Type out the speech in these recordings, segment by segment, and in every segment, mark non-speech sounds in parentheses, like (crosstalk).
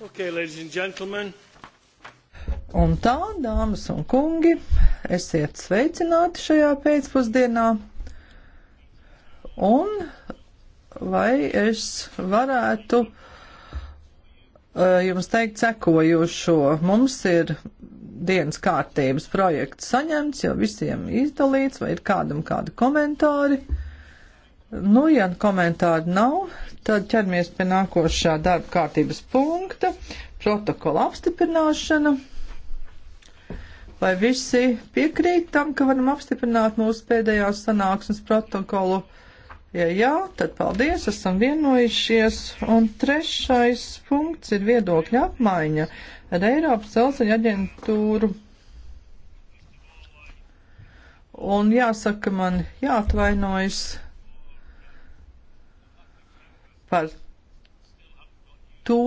Okay, un tā, dāmas un kungi, esiet sveicināti šajā pēcpusdienā. Un vai es varētu eh, jums teikt sekojošo? Mums ir dienas kārtības projekts saņemts, jau visiem izdalīts, vai ir kādam kādi komentāri? Nu, ja komentāri nav, tad ķermies pie nākošā darba kārtības punkta protokola apstiprināšana. Vai visi piekrīt tam, ka varam apstiprināt mūsu pēdējās sanāksmes protokolu? Ja jā, tad paldies, esam vienojušies. Un trešais punkts ir viedokļa apmaiņa ar Eiropas celceļa aģentūru. Un jāsaka, man jāatvainojas par to,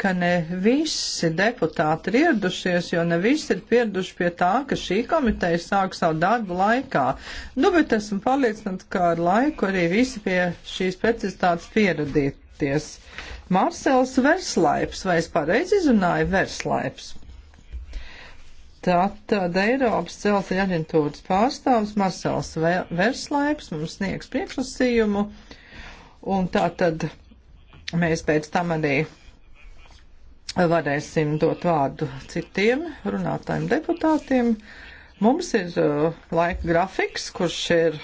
ka ne visi deputāti ir ieradušies, jo ne visi ir pieraduši pie tā, ka šī komiteja sāk savu darbu laikā. Nu, bet esmu pārliecināta, ka ar laiku arī visi pie šīs precizitātes pieradīties. Marcels Verslaips, vai es pareizi izrunāju Verslaips? Tātad Eiropas celtniecības aģentūras pārstāvis Marcels Verslaips mums sniegs priekšlasījumu, un tātad mēs pēc tam arī varēsim dot vārdu citiem runātājiem deputātiem. Mums ir uh, laika grafiks, kurš ir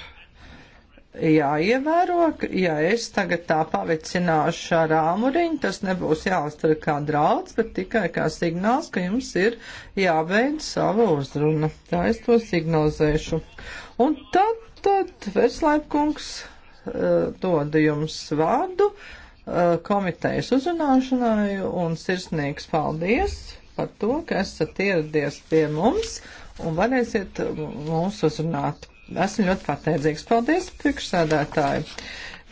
jāievēro. Ja es tagad tā pavicināšu ar āmuriņu, tas nebūs jāuztver kā draudz, bet tikai kā signāls, ka jums ir jābeidz sava uzruna. Tā es to signalizēšu. Un tad, tad Veslaipkungs uh, dod jums vārdu. Uh, Uh, komitejas uzrunāšanai un sirsnīgs paldies par to, ka esat ieradies pie mums un varēsiet mūs uzrunāt. Esmu ļoti pateicīgs. Paldies, priekšsēdētāji!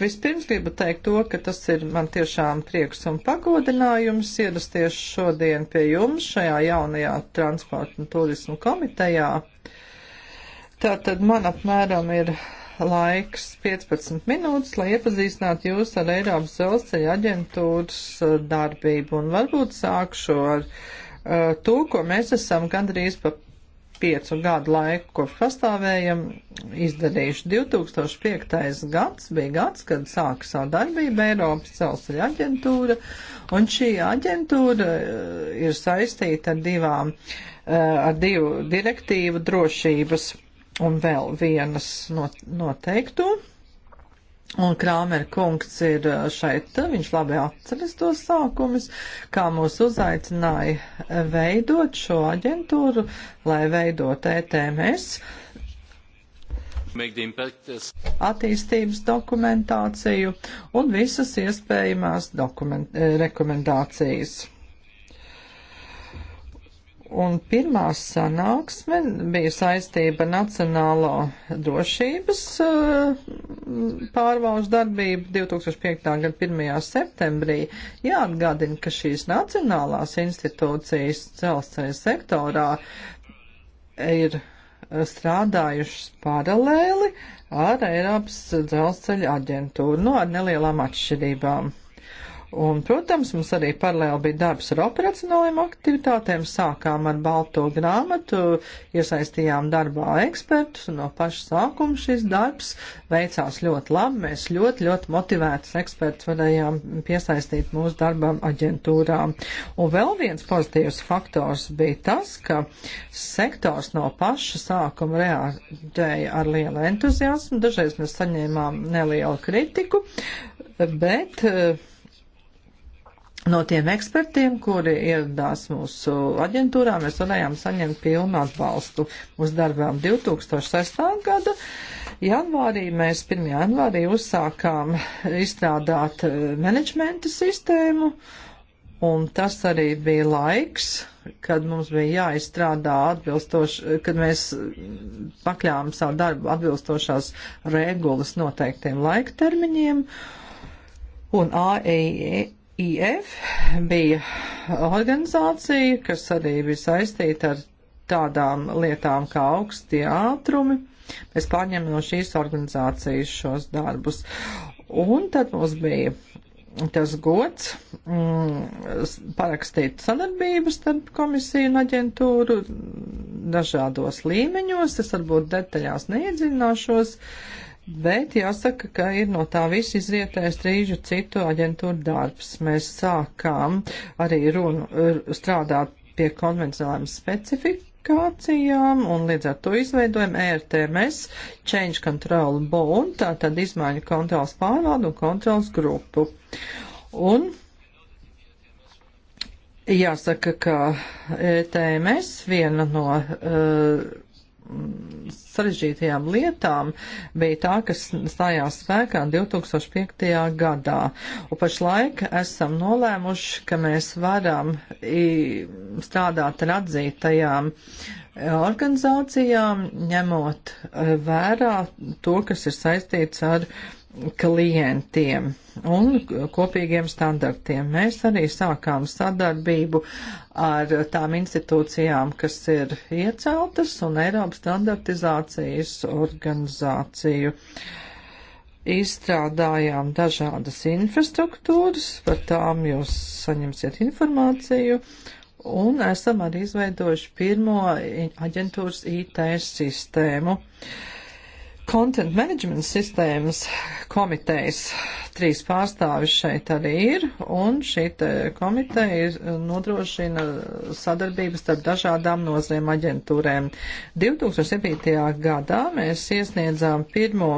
Vispirms gribu teikt to, ka tas ir man tiešām prieks un pagodinājums ierasties šodien pie jums šajā jaunajā transporta un turismu komitejā. Tātad man apmēram ir laiks 15 minūtes, lai iepazīstinātu jūs ar Eiropas dzelzceļa aģentūras uh, darbību. Un varbūt sākšu ar uh, to, ko mēs esam gandrīz pa piecu gadu laiku, kopš pastāvējam, izdarījuši. 2005. gads bija gads, kad sāka savu darbību Eiropas dzelzceļa aģentūra, un šī aģentūra uh, ir saistīta ar divām, uh, ar divu direktīvu drošības un vēl vienas noteiktu. Un Krāmer kungs ir uh, šeit, uh, viņš labi atceras tos sākumus, kā mūs uzaicināja veidot šo aģentūru, lai veidot ETMS. Attīstības dokumentāciju un visas iespējamās dokument, eh, rekomendācijas. Un pirmā sanāksme bija saistība Nacionālo drošības pārvaldes darbību 2005. gada 1. septembrī. Jāatgādina, ka šīs nacionālās institūcijas dzelzceļa sektorā ir eh, strādājušas paralēli ar Eiropas dzelzceļa aģentūru, no nu, ar nelielām atšķirībām. Un, protams, mums arī paralēli bija darbs ar operacionālajiem aktivitātēm. Sākām ar balto grāmatu, iesaistījām darbā ekspertus, un no paša sākuma šis darbs veicās ļoti labi. Mēs ļoti, ļoti motivētus ekspertus varējām piesaistīt mūsu darbam aģentūrām. Un vēl viens pozitīvs faktors bija tas, ka sektors no paša sākuma reaģēja ar lielu entuziasmu. Dažreiz mēs saņēmām nelielu kritiku, bet uh, No tiem ekspertiem, kuri ieradās mūsu aģentūrā, mēs varējām saņemt pilnu atbalstu uz darbām 2006. gada. Janvārī mēs 1. janvārī uzsākām izstrādāt eh, menedžmenta sistēmu, un tas arī bija laiks, kad mums bija jāizstrādā atbilstoši, kad mēs pakļāvām savu darbu atbilstošās regulas noteiktiem laika termiņiem, un AEI e IF bija organizācija, kas arī bija saistīta ar tādām lietām kā augstie ātrumi. Mēs pārņēmām no šīs organizācijas šos darbus. Un tad mums bija tas gods mm, parakstīt sadarbību starp komisiju un aģentūru dažādos līmeņos. Es varbūt detaļās neiedzināšos, Bet jāsaka, ka ir no tā viss izrietējis trīžu citu aģentūru darbs. Mēs sākām arī runu, strādāt pie konvencionālām specifikācijām un līdz ar to izveidojam ERTMS, Change Control Board, tātad izmaiņu kontrols pārvaldu un kontrols grupu. Un jāsaka, ka ETMS viena no. Uh, sarežģītajām lietām bija tā, kas stājās spēkā 2005. gadā. Un pašlaik esam nolēmuši, ka mēs varam strādāt ar atzītajām e, organizācijām, ņemot e, vērā to, kas ir saistīts ar uh, klientiem un kopīgiem standartiem. Mēs arī sākām sadarbību ar tām institūcijām, kas ir ieceltas un Eiropas standartizācijas organizāciju. Izstrādājām dažādas infrastruktūras, par tām jūs saņemsiet informāciju, un esam arī izveidojuši pirmo aģentūras IT sistēmu. Uh, Content Management sistēmas komitejas trīs pārstāvis šeit arī ir, un šī komiteja eh, nodrošina sadarbības starp dažādām nozrēm aģentūrēm. 2007. gadā mēs iesniedzām pirmo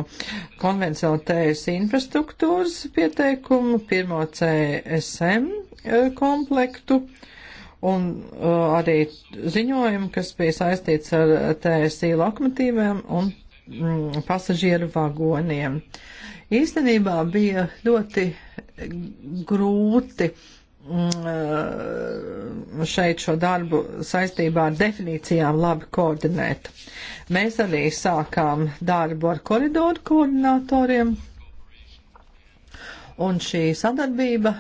konvencionālais infrastruktūras pieteikumu, pirmo CSM eh, komplektu un uh, arī ziņojumu, kas bija saistīts ar TSI lokomotīviem un mm, pasažieru vagoniem. Īstenībā bija ļoti grūti mm, šeit šo darbu saistībā ar definīcijām labi koordinēt. Mēs arī sākām darbu ar koridoru koordinatoriem, un šī sadarbība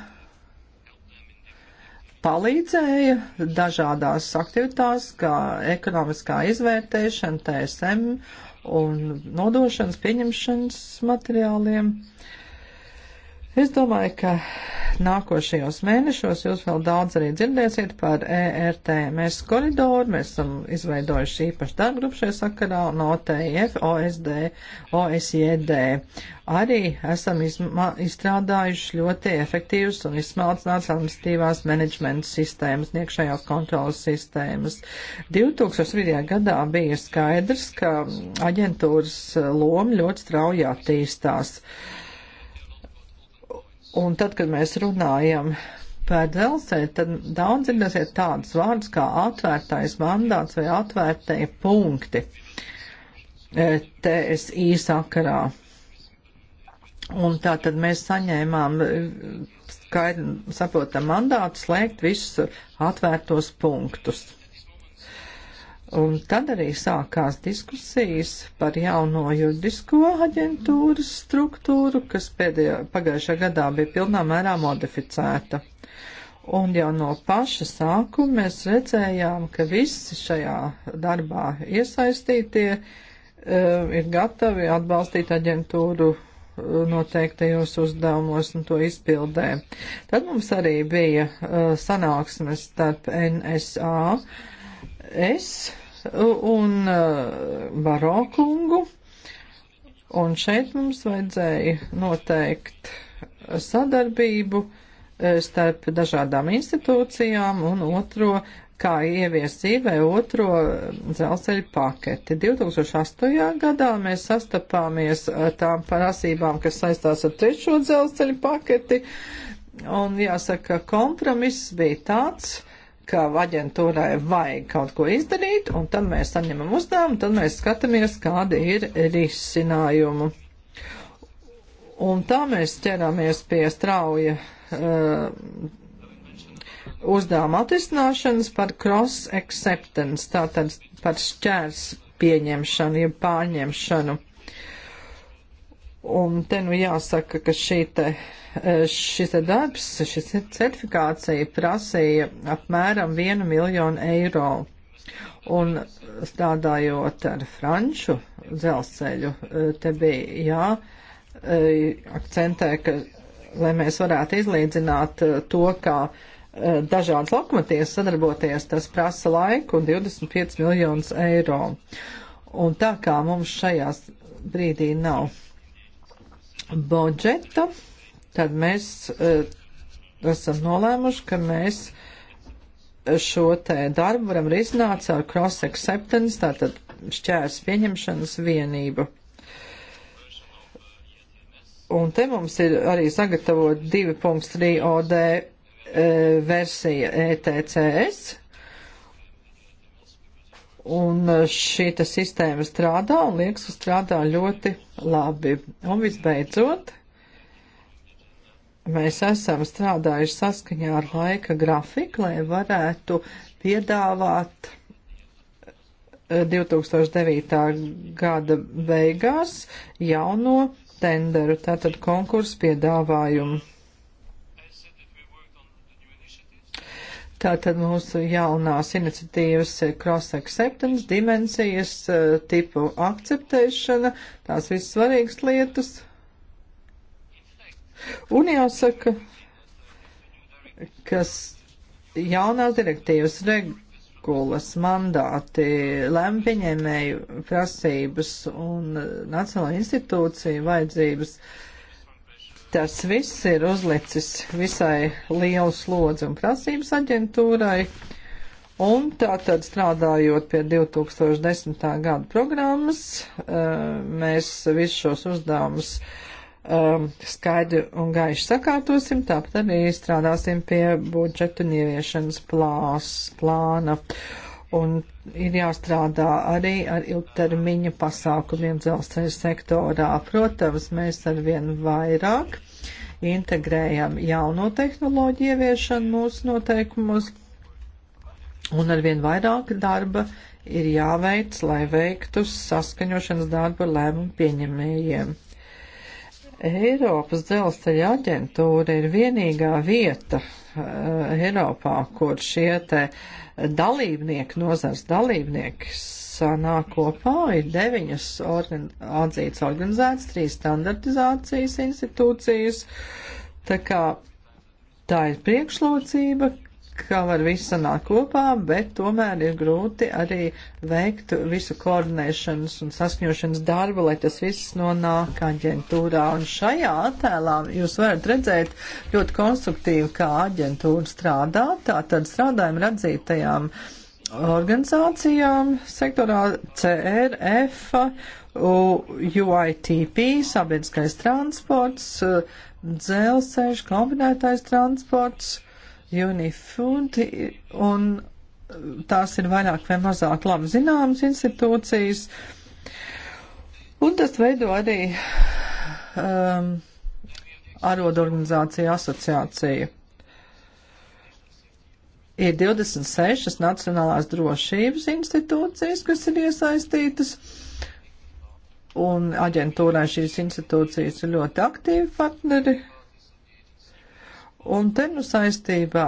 palīdzēja dažādās aktivitātes, kā ekonomiskā izvērtēšana, TSM un nodošanas pieņemšanas materiāliem. Es domāju, ka nākošajos mēnešos jūs vēl daudz arī dzirdēsiet par ERTMS koridoru. Mēs esam izveidojuši īpašu darbgrupu šajā sakarā un OTF, OSD, OSJD. E arī esam izstrādājuši ļoti efektīvas un izsmalcināts administratīvās menedžmenta sistēmas, niekšējās kontrolas sistēmas. 2000. gadā bija skaidrs, ka aģentūras loma ļoti strauji attīstās. Uh, Un tad, kad mēs runājam par dzelzceļu, tad daudz dzirdēsiet tādus vārdus kā atvērtais mandāts vai atvērtai punkti e, TSI sakarā. Un tā tad mēs saņēmām skaidri saprotam mandātu slēgt visus atvērtos punktus. Un tad arī sākās diskusijas par jauno juridisko aģentūras struktūru, kas pēdējā pagājušā gadā bija pilnā mērā modificēta. Un jau no paša sākuma mēs redzējām, ka visi šajā darbā iesaistītie uh, ir gatavi atbalstīt aģentūru eh, noteiktajos uzdevumos un to izpildē. Tad mums arī bija uh, sanāksmes starp NSA es un uh, Baro kungu, un šeit mums vajadzēja noteikt sadarbību uh, starp dažādām institūcijām un otro, kā ieviest dzīvē otro uh, dzelzceļa paketi. 2008. gadā mēs sastapāmies ar tām prasībām, kas saistās ar trešo dzelzceļa paketi, un jāsaka, kompromiss bija tāds, uh, ka aģentūrai vajag kaut ko izdarīt, un tad mēs saņemam uzdevumu, tad mēs skatāmies, kādi ir risinājumi. Un tā mēs ķeramies pie strauja uh, uzdevuma atrisināšanas par cross acceptance, tātad par šķērs pieņemšanu, jeb pārņemšanu. Uh, Un te nu jāsaka, ka šī te, e, šis te darbs, šis certifikācija prasīja apmēram 1 miljonu eiro. Un strādājot ar franču dzelzceļu, e, te bija jā, e, akcentē, ka, lai mēs varētu izlīdzināt to, kā dažādas lokomotīvas sadarboties, tas prasa laiku un 25 miljonus eiro. Un tā kā mums šajās brīdī nav budžeta, tad mēs uh, esam nolēmuši, ka mēs eh, šo te darbu varam risināt ar cross acceptance, tātad šķērs pieņemšanas vienību. Un te mums ir arī sagatavot 2.3 OD uh, versija ETCS, Un eh, šī sistēma strādā un liekas, strādā ļoti labi. Un visbeidzot, mēs esam strādājuši saskaņā ar laika grafiku, lai varētu piedāvāt 2009. Eh, gada beigās jauno tenderu, tātad konkursu piedāvājumu. Tātad mūsu jaunās iniciatīvas eh, cross acceptance, dimensijas, eh, tipu akceptēšana, tās viss svarīgas lietas. Un jāsaka, kas jaunās direktīvas regulas mandāti, lempiņēmēju prasības un eh, nacionāla institūcija vajadzības uh, Tas viss ir uzlicis visai lielu slodzi un prasības aģentūrai. Un tātad strādājot pie 2010. gada programmas, eh, mēs visus šos uzdevumus eh, skaidri un gaiši sakārtosim, tāpat arī strādāsim pie budžetu ieviešanas plās, plāna. Uh, un ir jāstrādā arī ar ilgtermiņa pasākumiem dzelzceļa sektorā. Protams, mēs arvien vairāk integrējam jauno tehnoloģiju ieviešanu mūsu noteikumos, un arvien vairāk darba ir jāveic, lai veiktu saskaņošanas darbu lēmumu pieņemējiem. Eiropas dzelzceļa aģentūra ir vienīgā vieta uh, Eiropā, kur šie te dalībnieki, nozars dalībnieki sanāk kopā, ir deviņas organ atzīts organizētas, trīs standartizācijas institūcijas. Tā kā tā ir priekšlocība, ka var viss sanākt kopā, bet tomēr ir grūti arī veikt visu koordinēšanas un saskņošanas darbu, lai tas viss nonāk aģentūrā. Un šajā attēlā jūs varat redzēt ļoti konstruktīvi, kā aģentūra strādā. Tātad strādājam redzītajām organizācijām sektorā CRF, UITP, sabiedriskais transports, dzelzceļš, kombinētais transports UNIFUD, un tās ir vairāk vai mazāk labi zināmas institūcijas, un tas veido arī um, arodorganizāciju asociāciju ir 26 Nacionālās drošības institūcijas, kas ir iesaistītas, un aģentūrā šīs institūcijas ir ļoti aktīvi partneri. Un te nu saistībā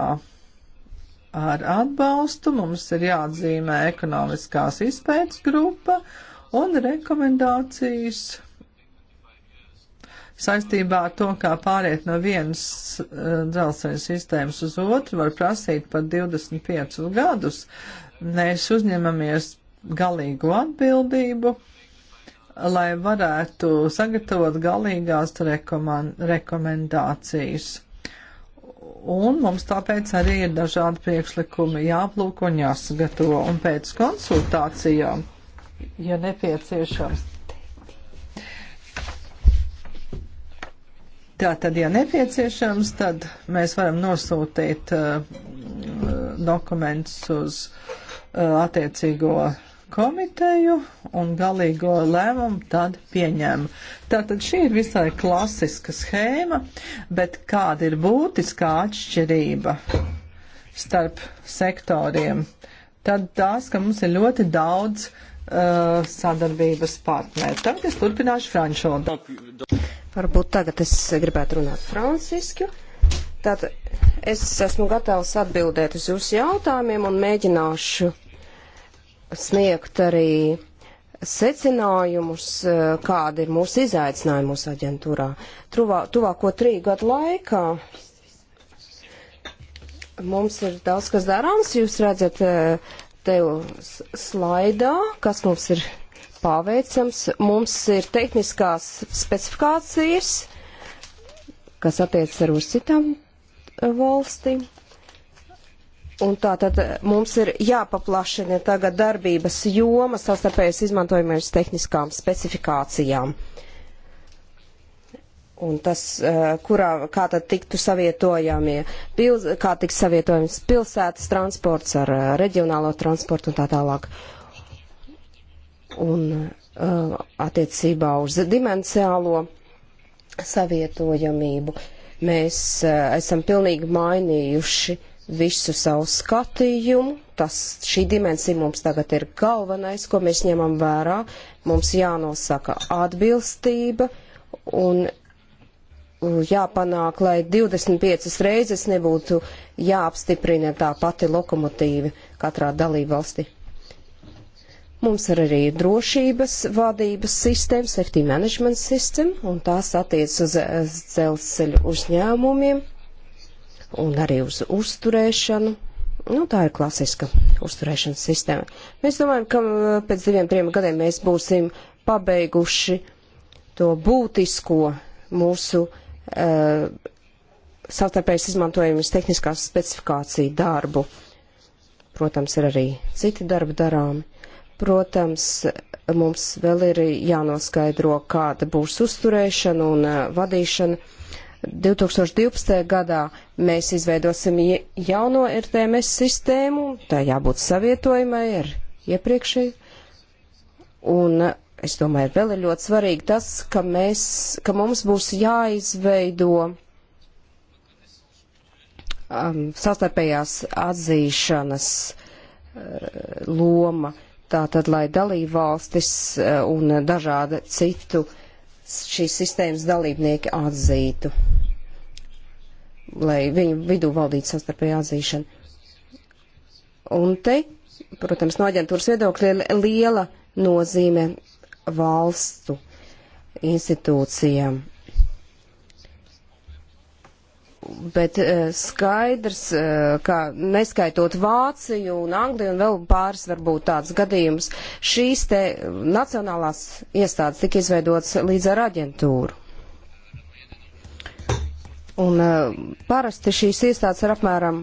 ar atbalstu mums ir jāatzīmē ekonomiskās izpētes grupa un rekomendācijas saistībā ar to, kā pāriet no vienas eh, dzelzceļa sistēmas uz otru, var prasīt pat 25 gadus. Mēs uzņemamies galīgu atbildību, lai varētu sagatavot galīgās rekomendācijas Un mums tāpēc arī ir dažādi priekšlikumi jāplūko un jāsagatavo. Un pēc konsultācijām, ja nepieciešams. Tātad, ja nepieciešams, tad mēs varam nosūtīt uh, dokumentus uz uh, attiecīgo uh, komiteju un galīgo lēmumu tad pieņem. Tātad šī ir visai klasiska schēma, bet kāda ir būtiskā atšķirība starp sektoriem? Tad tās, ka mums ir ļoti daudz uh, sadarbības partneri. Tagad es turpināšu franču valodu. Varbūt tagad es gribētu runāt franciski. Tātad es esmu gatavs atbildēt uz jūsu jautājumiem un mēģināšu sniegt arī secinājumus, eh, kāda ir mūsu izaicinājuma mūsu aģentūrā. Truvā, tuvāko trīs gadu laikā mums ir daudz kas darāms. Jūs redzat eh, te slaidā, kas mums ir paveicams. Mums ir tehniskās specifikācijas, kas attiec ar uz citām eh, valstīm. Un tā tad mums ir jāpaplašina tagad darbības joma sastarpējas izmantojumais tehniskām specifikācijām. Un tas, eh, kurā, kā tad tiktu savietojamie, pils, kā tiks savietojams pilsētas transports ar eh, reģionālo transportu un tā tālāk. Un eh, attiecībā uz dimensiālo savietojamību mēs esam pilnīgi mainījuši visu savu skatījumu. Tas, šī dimensija mums tagad ir galvenais, ko mēs ņemam vērā. Mums jānosaka atbilstība un jāpanāk, lai 25 reizes nebūtu jāapstiprina tā pati lokomotīva katrā dalībvalstī. Mums ir arī drošības vadības sistēma, safety management system, un tās attiec uz dzelzceļu uzņēmumiem un arī uz uzturēšanu. Nu, tā ir klasiska uzturēšanas sistēma. Mēs domājam, ka eh, pēc diviem, trim gadiem mēs būsim pabeiguši to būtisko mūsu uh, savstarpējas izmantojamas tehniskās specifikāciju darbu. Protams, ir arī citi darbi darāmi. Protams, mums vēl ir jānoskaidro, kāda būs uzturēšana un uh, vadīšana. Uh, 2012. gadā mēs izveidosim jauno RTMS sistēmu, tā jābūt savietojumai ar iepriekšēju. Un es domāju, vēl ir ļoti svarīgi tas, ka, mēs, ka mums būs jāizveido um, sastarpējās atzīšanas uh, loma, tātad, lai dalībvalstis uh, un dažāda citu uh, šīs sistēmas dalībnieki atzītu, lai viņu vidū valdītu sastarpēja atzīšana. Un te, protams, no aģentūras viedokļa ir liela nozīme valstu institūcijām bet eh, skaidrs, eh, ka neskaitot Vāciju un Angliju un vēl pāris varbūt tāds gadījums, šīs te nacionālās iestādes tika izveidotas līdz ar aģentūru. Un eh, parasti šīs iestādes ir apmēram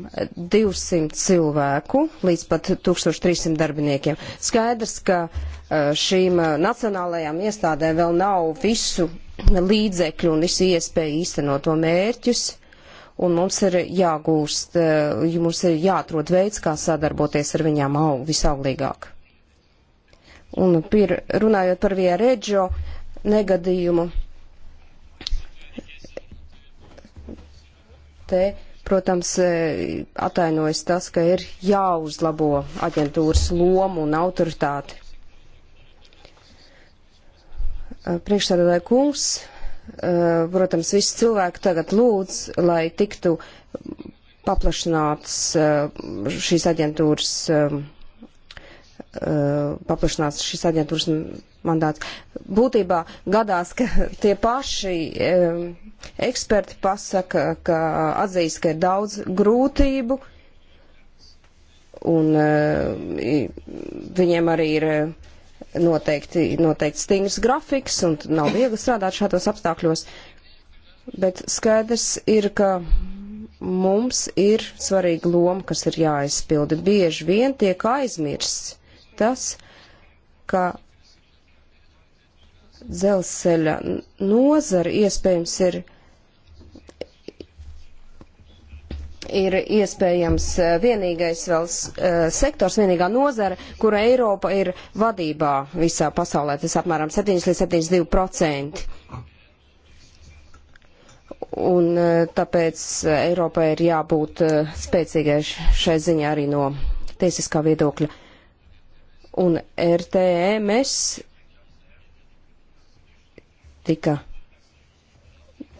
200 cilvēku līdz pat 1300 darbiniekiem. Skaidrs, ka šīm nacionālajām iestādēm vēl nav visu līdzekļu un visu iespēju īstenot to mērķus. Uh, un mums ir jāgūst, eh, mums ir jāatrod veids, kā sadarboties ar viņām aug, visauglīgāk. Un pir, runājot par Vija Reģio negadījumu, te, protams, eh, atainojas tas, ka ir jāuzlabo aģentūras lomu un autoritāti. Eh, Priekšsēdētāji kungs, Eh, protams, visi cilvēki tagad lūdz, lai tiktu paplašināts eh, šīs aģentūras, eh, paplašināts šīs aģentūras mandāts. Būtībā gadās, ka tie paši eksperti pasaka, ka atzīst, ka ir daudz grūtību, un viņiem arī ir noteikti, noteikti stingrs grafiks un nav viegli strādāt šādos apstākļos. Bet skaidrs ir, ka mums ir svarīga loma, kas ir jāaizpilda. Bieži vien tiek aizmirsts tas, ka dzelzceļa nozara iespējams ir ir iespējams eh, vienīgais vēl eh, sektors, vienīgā nozara, kura Eiropa ir vadībā visā pasaulē. Tas apmēram 7 līdz 72 procenti. Un eh, tāpēc Eiropai ir jābūt spēcīgai šai ziņā arī no tiesiskā viedokļa. Un RTMS e tika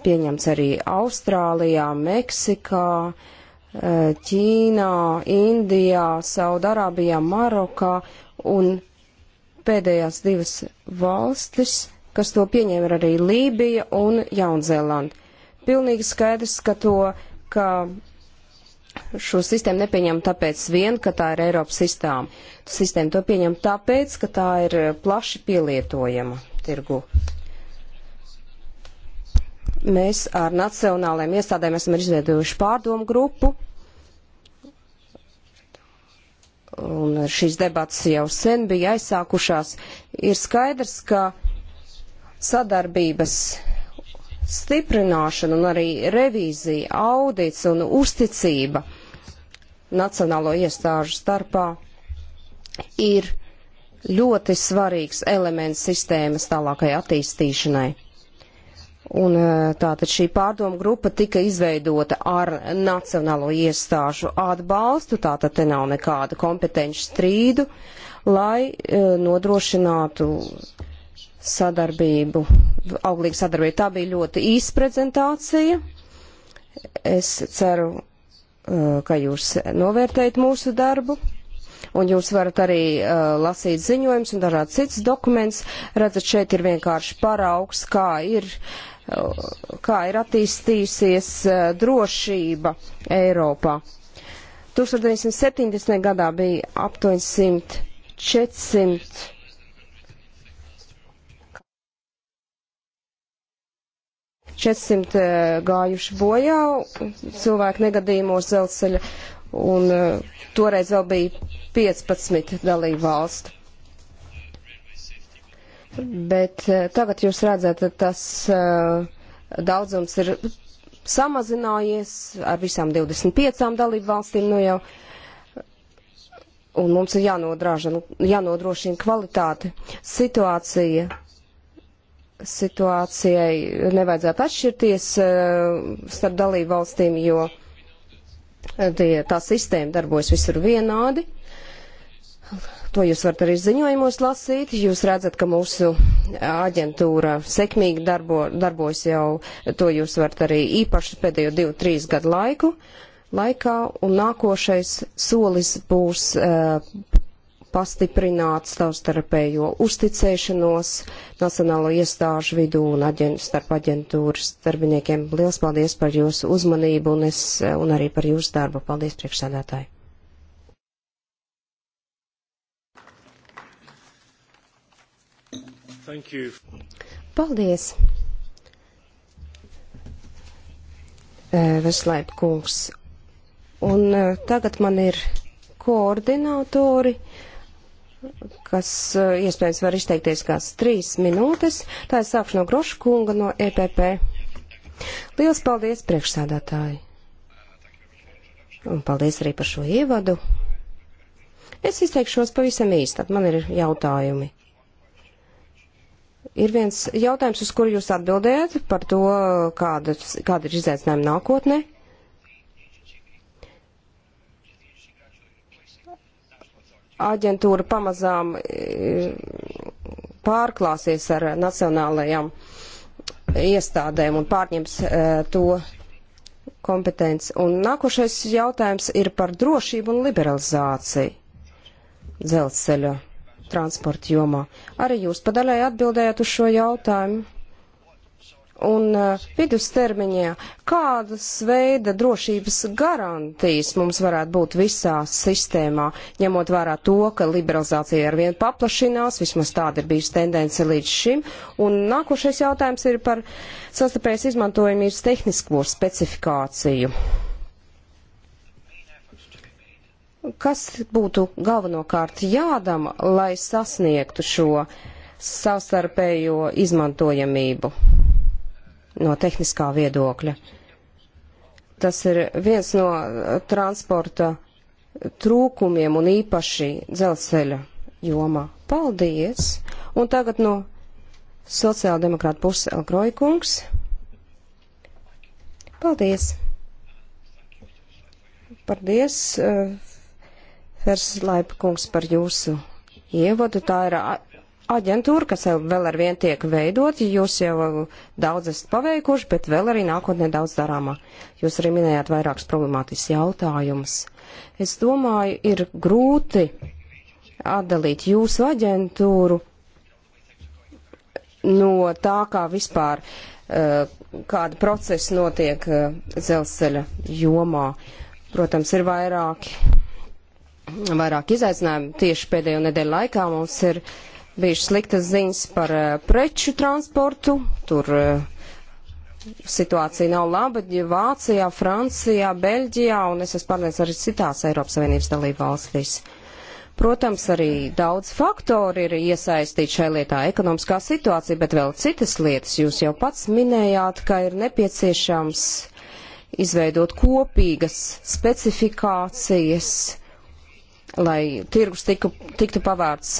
pieņemts arī Austrālijā, Meksikā, eh, Ķīnā, Indijā, Saudarābijā, Marokā un pēdējās divas valstis, kas to pieņēma, ir arī Lībija un Jaunzēlanda. Pilnīgi skaidrs, ka to, ka šo sistēmu nepieņem tāpēc vien, ka tā ir Eiropas sistēma. Sistēma to pieņem tāpēc, ka tā ir plaši pielietojama tirgu. Mēs ar nacionālajiem iestādēm esam izveidojuši pārdomu grupu. Un šīs debats jau sen bija aizsākušās. Ir skaidrs, ka sadarbības stiprināšana un arī revīzija, audits un uzticība nacionālo iestāžu starpā ir ļoti svarīgs elements sistēmas tālākai attīstīšanai. Un e, tātad šī pārdomu grupa tika izveidota ar nacionālo iestāžu atbalstu, tātad te nav nekāda kompetenci strīdu, lai e, nodrošinātu sadarbību, auglīgu sadarbību. Tā bija ļoti īsta prezentācija. Es ceru, e, ka jūs novērtējat mūsu darbu un jūs varat arī uh, lasīt ziņojums un dažāds cits dokuments. Redzat, šeit ir vienkārši paraugs, kā ir, uh, kā ir attīstījusies uh, drošība Eiropā. 1970. gadā bija aptuveni 100, 400. Četrsimt gājuši bojā cilvēku negadījumos dzelzceļa un eh, toreiz vēl bija 15 dalību valstu. Bet eh, tagad jūs redzat, tas eh, daudzums ir samazinājies ar visām 25 dalību valstīm nu jau. Un mums ir nu, jānodrošina kvalitāte. Situācija situācijai nevajadzētu atšķirties uh, starp dalību valstīm, jo uh, tie, tā sistēma darbojas visur vienādi. To jūs varat arī ziņojumos lasīt. Jūs redzat, ka mūsu aģentūra sekmīgi darbo, darbojas jau, to jūs varat arī īpaši pēdējo divu, trīs gadu laiku laikā, un nākošais solis būs uh, pastiprināt savstarpējo uzticēšanos nacionālo iestāžu vidū un aģen, starp aģentūras darbiniekiem. Liels paldies par jūsu uzmanību un, es, un arī par jūsu darbu. Paldies, priekšsēdētāji! Paldies! Eh, Veslēp kungs. Un eh, tagad man ir koordinātori kas eh, iespējams var izteikties kāds trīs minūtes. Tā es sākšu no Groša kunga no EPP. Liels paldies priekšsādātāji! Un paldies arī par šo ievadu. Es izteikšos pavisam īsti, tad man ir jautājumi. Ir viens jautājums, uz kuru jūs atbildējat par to, kāda, kāda ir izaicinājuma nākotnē. aģentūra pamazām eh, pārklāsies ar nacionālajām iestādēm un pārņems eh, to kompetenci. Un nākošais jautājums ir par drošību un liberalizāciju dzelzceļa transporta jomā. Arī jūs padaļai atbildējāt uz šo jautājumu un uh, vidustermiņā, kādas veida drošības garantijas mums varētu būt visā sistēmā, ņemot vērā to, ka liberalizācija arvien paplašinās, vismaz tāda ir bijusi tendence līdz šim, un nākošais jautājums ir par sastapējas izmantojumības tehnisko specifikāciju. Kas būtu galvenokārt jādama, lai sasniegtu šo savstarpējo izmantojamību? no tehniskā viedokļa. Tas ir viens no transporta trūkumiem un īpaši dzelzceļa jomā. Paldies! Un tagad no sociāldemokrāta puses Elkrojkungs. Paldies! Paldies, eh, Ferslaipa kungs, par jūsu ievadu. Tā ir aģentūra, kas vēl ar vien tiek veidot, jūs jau daudz esat paveikuši, bet vēl arī nākotnē daudz darāmā. Jūs arī minējāt vairākus problemātiskus jautājumus. Es domāju, ir grūti atdalīt jūsu aģentūru no tā, kā vispār eh, kāda procesa notiek eh, dzelzceļa jomā. Protams, ir vairāki, vairāk izaicinājumi. Tieši pēdējo nedēļu laikā mums ir uh, bijušas sliktas ziņas par eh, preču transportu. Tur eh, situācija nav laba. Vācijā, Francijā, Beļģijā un es esmu pārliecināts arī citās Eiropas Savienības dalību valstīs. Protams, arī daudz faktori ir iesaistīti šai lietā - ekonomiskā situācija, bet vēl citas lietas. Jūs jau pats minējāt, ka ir nepieciešams izveidot kopīgas specifikācijas, lai tirgus tiku, tiktu pavērts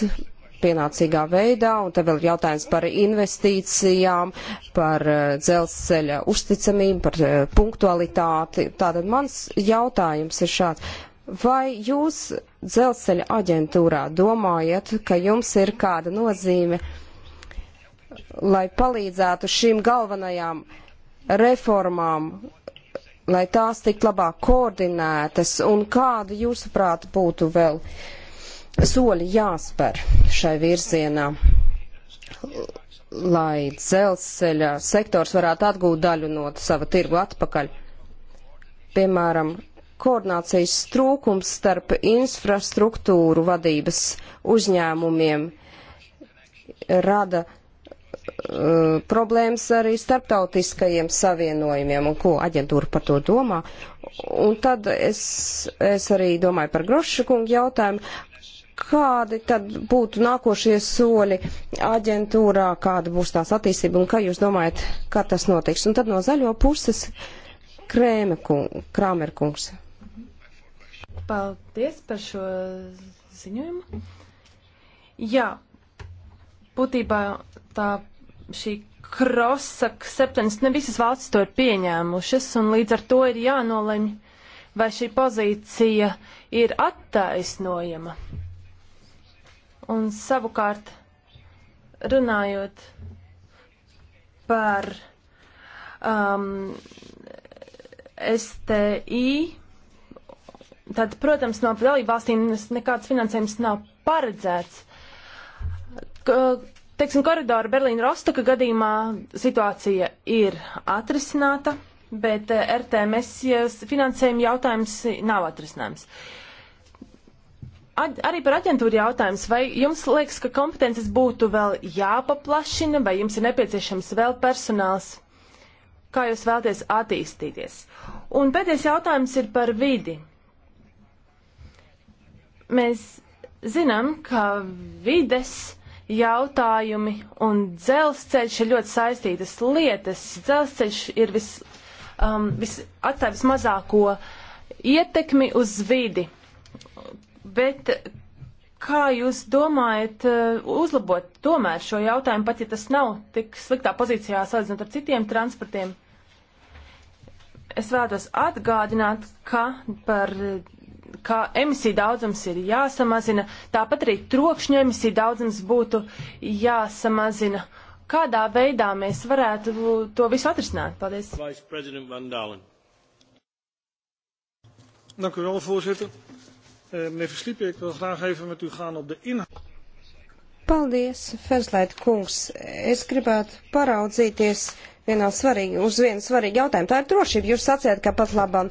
pienācīgā veidā, un te vēl ir jautājums par investīcijām, par eh, dzelzceļa uzticamību, par eh, punktualitāti. Tātad mans jautājums ir šāds. Vai jūs dzelzceļa aģentūrā domājat, ka jums ir kāda nozīme, lai palīdzētu šīm galvenajām reformām, lai tās tiktu labāk koordinētas, un kāda jūsuprāt būtu vēl uh, soļi jāspēr šai virzienā, lai dzelzceļa sektors varētu atgūt daļu no sava tirgu atpakaļ. Piemēram, koordinācijas trūkums starp infrastruktūru vadības uzņēmumiem rada uh, problēmas arī starptautiskajiem savienojumiem un ko aģentūra par to domā. Un tad es, es arī domāju par Groša kungu jautājumu, Kādi tad būtu nākošie soļi aģentūrā, kāda būs tās attīstība un kā jūs domājat, kā tas notiks? Un tad no zaļo puses Krēme kung, Krāmer kungs. Paldies par šo ziņojumu. Jā, būtībā tā šī krosa septiņas, ne visas valstis to ir pieņēmušas, un līdz ar to ir jānolemj, vai šī pozīcija ir attaisnojama. Un savukārt, runājot par um, STI, tad, protams, no dalībvalstīm nekāds finansējums nav paredzēts. K teiksim, koridora Berlīna-Rostoka gadījumā situācija ir atrisināta, bet eh, RTMS finansējuma jautājums nav atrisinājums. Uh, Ad, arī par aģentūru jautājums. Vai jums liekas, ka kompetences būtu vēl jāpaplašina, vai jums ir nepieciešams vēl personāls? Kā jūs vēlaties attīstīties? Un pēdējais jautājums ir par vidi. Mēs zinām, ka vides jautājumi un dzelzceļš ir ļoti saistītas lietas. Dzelzceļš ir vis, um, vis, atstāj vismazāko ietekmi uz vidi bet kā jūs domājat uh, uzlabot tomēr šo jautājumu, pat ja tas nav tik sliktā pozīcijā salīdzinot ar citiem transportiem? Es vēlos atgādināt, ka par ka emisiju daudzums ir jāsamazina, tāpat arī trokšņa emisiju daudzums būtu jāsamazina. Kādā veidā mēs varētu to visu atrisināt? Paldies. Dank u wel, voorzitter. Eh, meneer Versliepen, ik wil graag even met u gaan op de inhoud. Paldies, Feslēt kungs. Es gribētu paraudzīties vienā svarīgi, uz vienu svarīgu jautājumu. Tā ir drošība. Jūs sacījāt, ka pat labam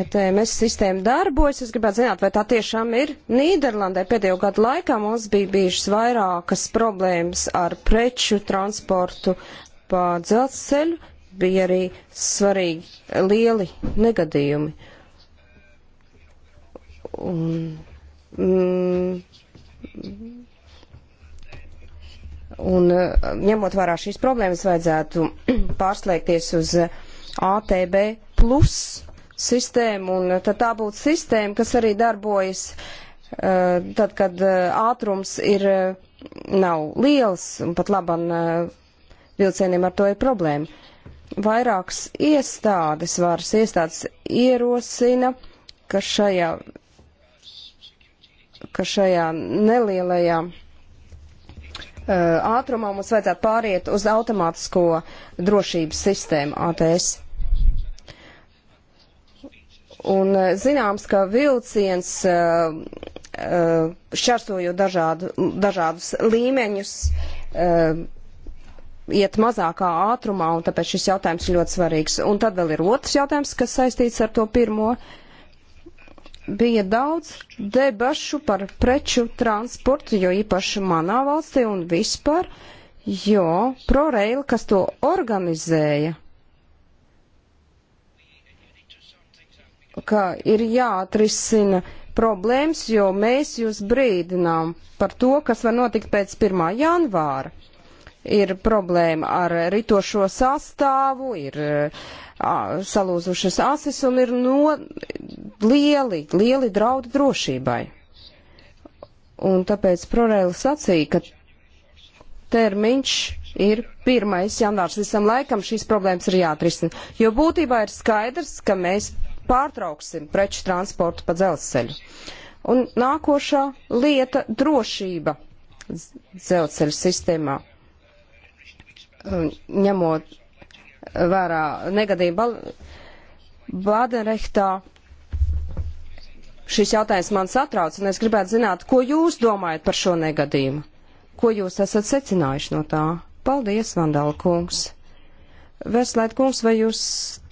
ETMS sistēma darbojas. Es gribētu zināt, vai tā tiešām ir Nīderlandē. Pēdējo gadu laikā mums bija bijušas vairākas problēmas ar preču transportu pa dzelzceļu. Bija arī svarīgi lieli negadījumi. Un, mm, un eh, ņemot vērā šīs problēmas, vajadzētu (clears throat) pārslēgties uz ATB plus sistēmu, un eh, tad tā būtu sistēma, kas arī darbojas eh, tad, kad ātrums ir nav liels, un pat laban vilcieniem ar to ir problēma. Vairākas iestādes, varas iestādes ierosina, ka šajā ka šajā nelielajā uh, ātrumā mums vajadzētu pāriet uz automātisko drošības sistēmu ATS. Un uh, zināms, ka vilciens uh, uh, šķērsojot dažādu, dažādus līmeņus uh, iet mazākā ātrumā, un tāpēc šis jautājums ir ļoti svarīgs. Un tad vēl ir otrs jautājums, kas saistīts ar to pirmo. Uh, bija daudz debašu par preču transportu, jo īpaši manā valstī un vispār, jo ProRail, kas to organizēja, ka ir jāatrisina problēmas, jo mēs jūs brīdinām par to, kas var notikt pēc 1. janvāra ir problēma ar ritošo sastāvu, ir a, salūzušas asis un ir no, lieli, lieli draudi drošībai. Un tāpēc Prorēla sacīja, ka termiņš ir 1. janvārs. Visam laikam šīs problēmas ir jāatrisina, jo būtībā ir skaidrs, ka mēs pārtrauksim preču transportu pa dzelzceļu. Un nākošā lieta - drošība dzelzceļa sistēmā ņemot vērā negadību Bādenrehtā. Šis jautājums man satrauc, un es gribētu zināt, ko jūs domājat par šo negadījumu? Ko jūs esat secinājuši no tā? Paldies, Vandāla kungs! Veslēt kungs, vai jūs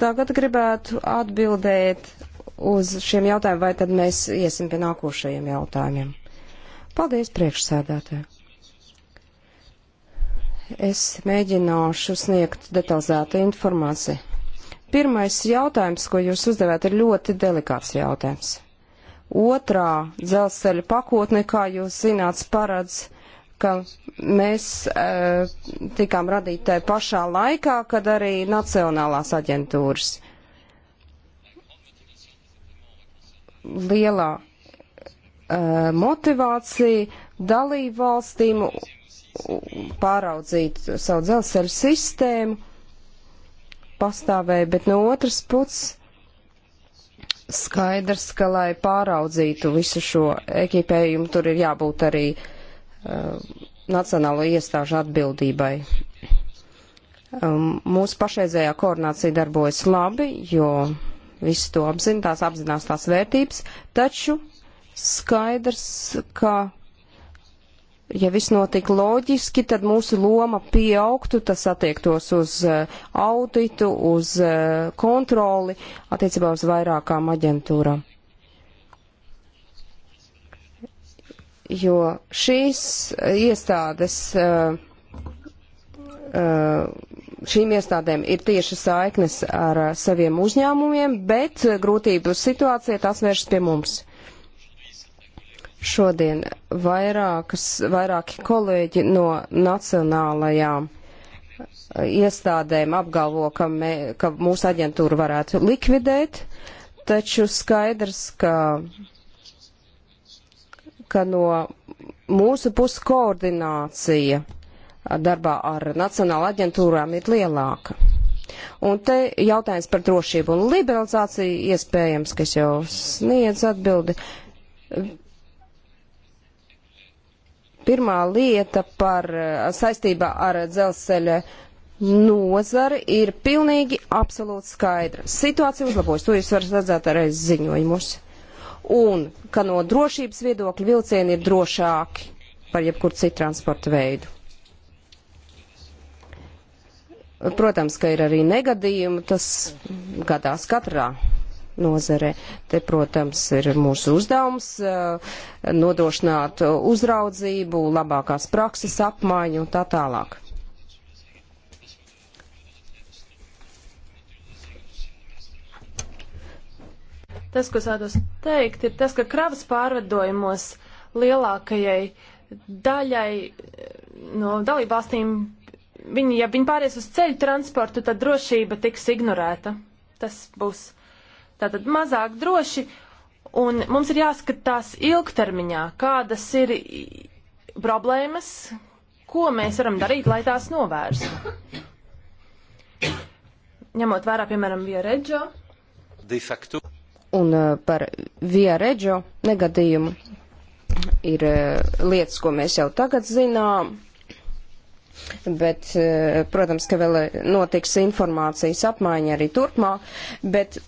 tagad gribētu atbildēt uz šiem jautājumiem, vai tad mēs iesim pie nākošajiem jautājumiem? Paldies, priekšsēdētāji! Es mēģināšu sniegt detalizētu informāciju. Pirmais jautājums, ko jūs uzdevāt, ir ļoti delikāts jautājums. Otrā dzelzceļa pakotne, kā jūs zināt, paredz ka mēs e, tikām radīti tajā pašā laikā, kad arī nacionālās aģentūras lielā e, motivācija dalību valstīm pāraudzīt savu dzelzceļu sistēmu, pastāvēja, bet no otras puses skaidrs, ka, lai pāraudzītu visu šo ekipējumu, tur ir jābūt arī uh, nacionālo iestāžu atbildībai. Um, mūsu pašreizējā koordinācija darbojas labi, jo visi to apzinās, apzinās tās vērtības, taču skaidrs, ka ja viss notika loģiski, tad mūsu loma pieaugtu, tas attiektos uz eh, auditu, uz eh, kontroli, attiecībā uz vairākām aģentūrām. Jo šīs iestādes, eh, šīm iestādēm ir tieši saiknes ar saviem uzņēmumiem, bet grūtību situācijā tas vēršas pie mums. Šodien vairākas, vairāki kolēģi no nacionālajām uh, iestādēm apgalvo, ka, mē, ka mūsu aģentūru varētu likvidēt, taču skaidrs, ka, ka no mūsu puses koordinācija darbā ar nacionālu aģentūrām ir lielāka. Un te jautājums par drošību un liberalizāciju iespējams, kas jau sniedz atbildi. Pirmā lieta par eh, saistībā ar dzelzceļa nozari ir pilnīgi absolūti skaidra. Situācija uzlabojas, to jūs varat redzēt arī ziņojumus. Un, ka no drošības viedokļa vilcieni ir drošāki par jebkuru citu transporta veidu. Protams, ka ir arī negadījumi, tas gadās katrā nozare. Te, protams, ir mūsu uzdevums eh, nodrošināt uzraudzību, labākās prakses apmaiņu un tā tālāk. Tas, ko sādos teikt, ir tas, ka kravas pārvedojumos lielākajai daļai eh, no dalībvalstīm, viņi, ja viņi pāries uz ceļu transportu, tad drošība tiks ignorēta. Tas būs uh, tātad mazāk droši, un mums ir jāskatās ilgtermiņā, kādas ir problēmas, ko mēs varam darīt, lai tās novērstu. Ņemot vērā, piemēram, Viereģo. De facto. Un uh, par Viereģo negadījumu ir uh, lietas, ko mēs jau tagad zinām. Bet, uh, protams, ka vēl notiks informācijas apmaiņa arī turpmāk, bet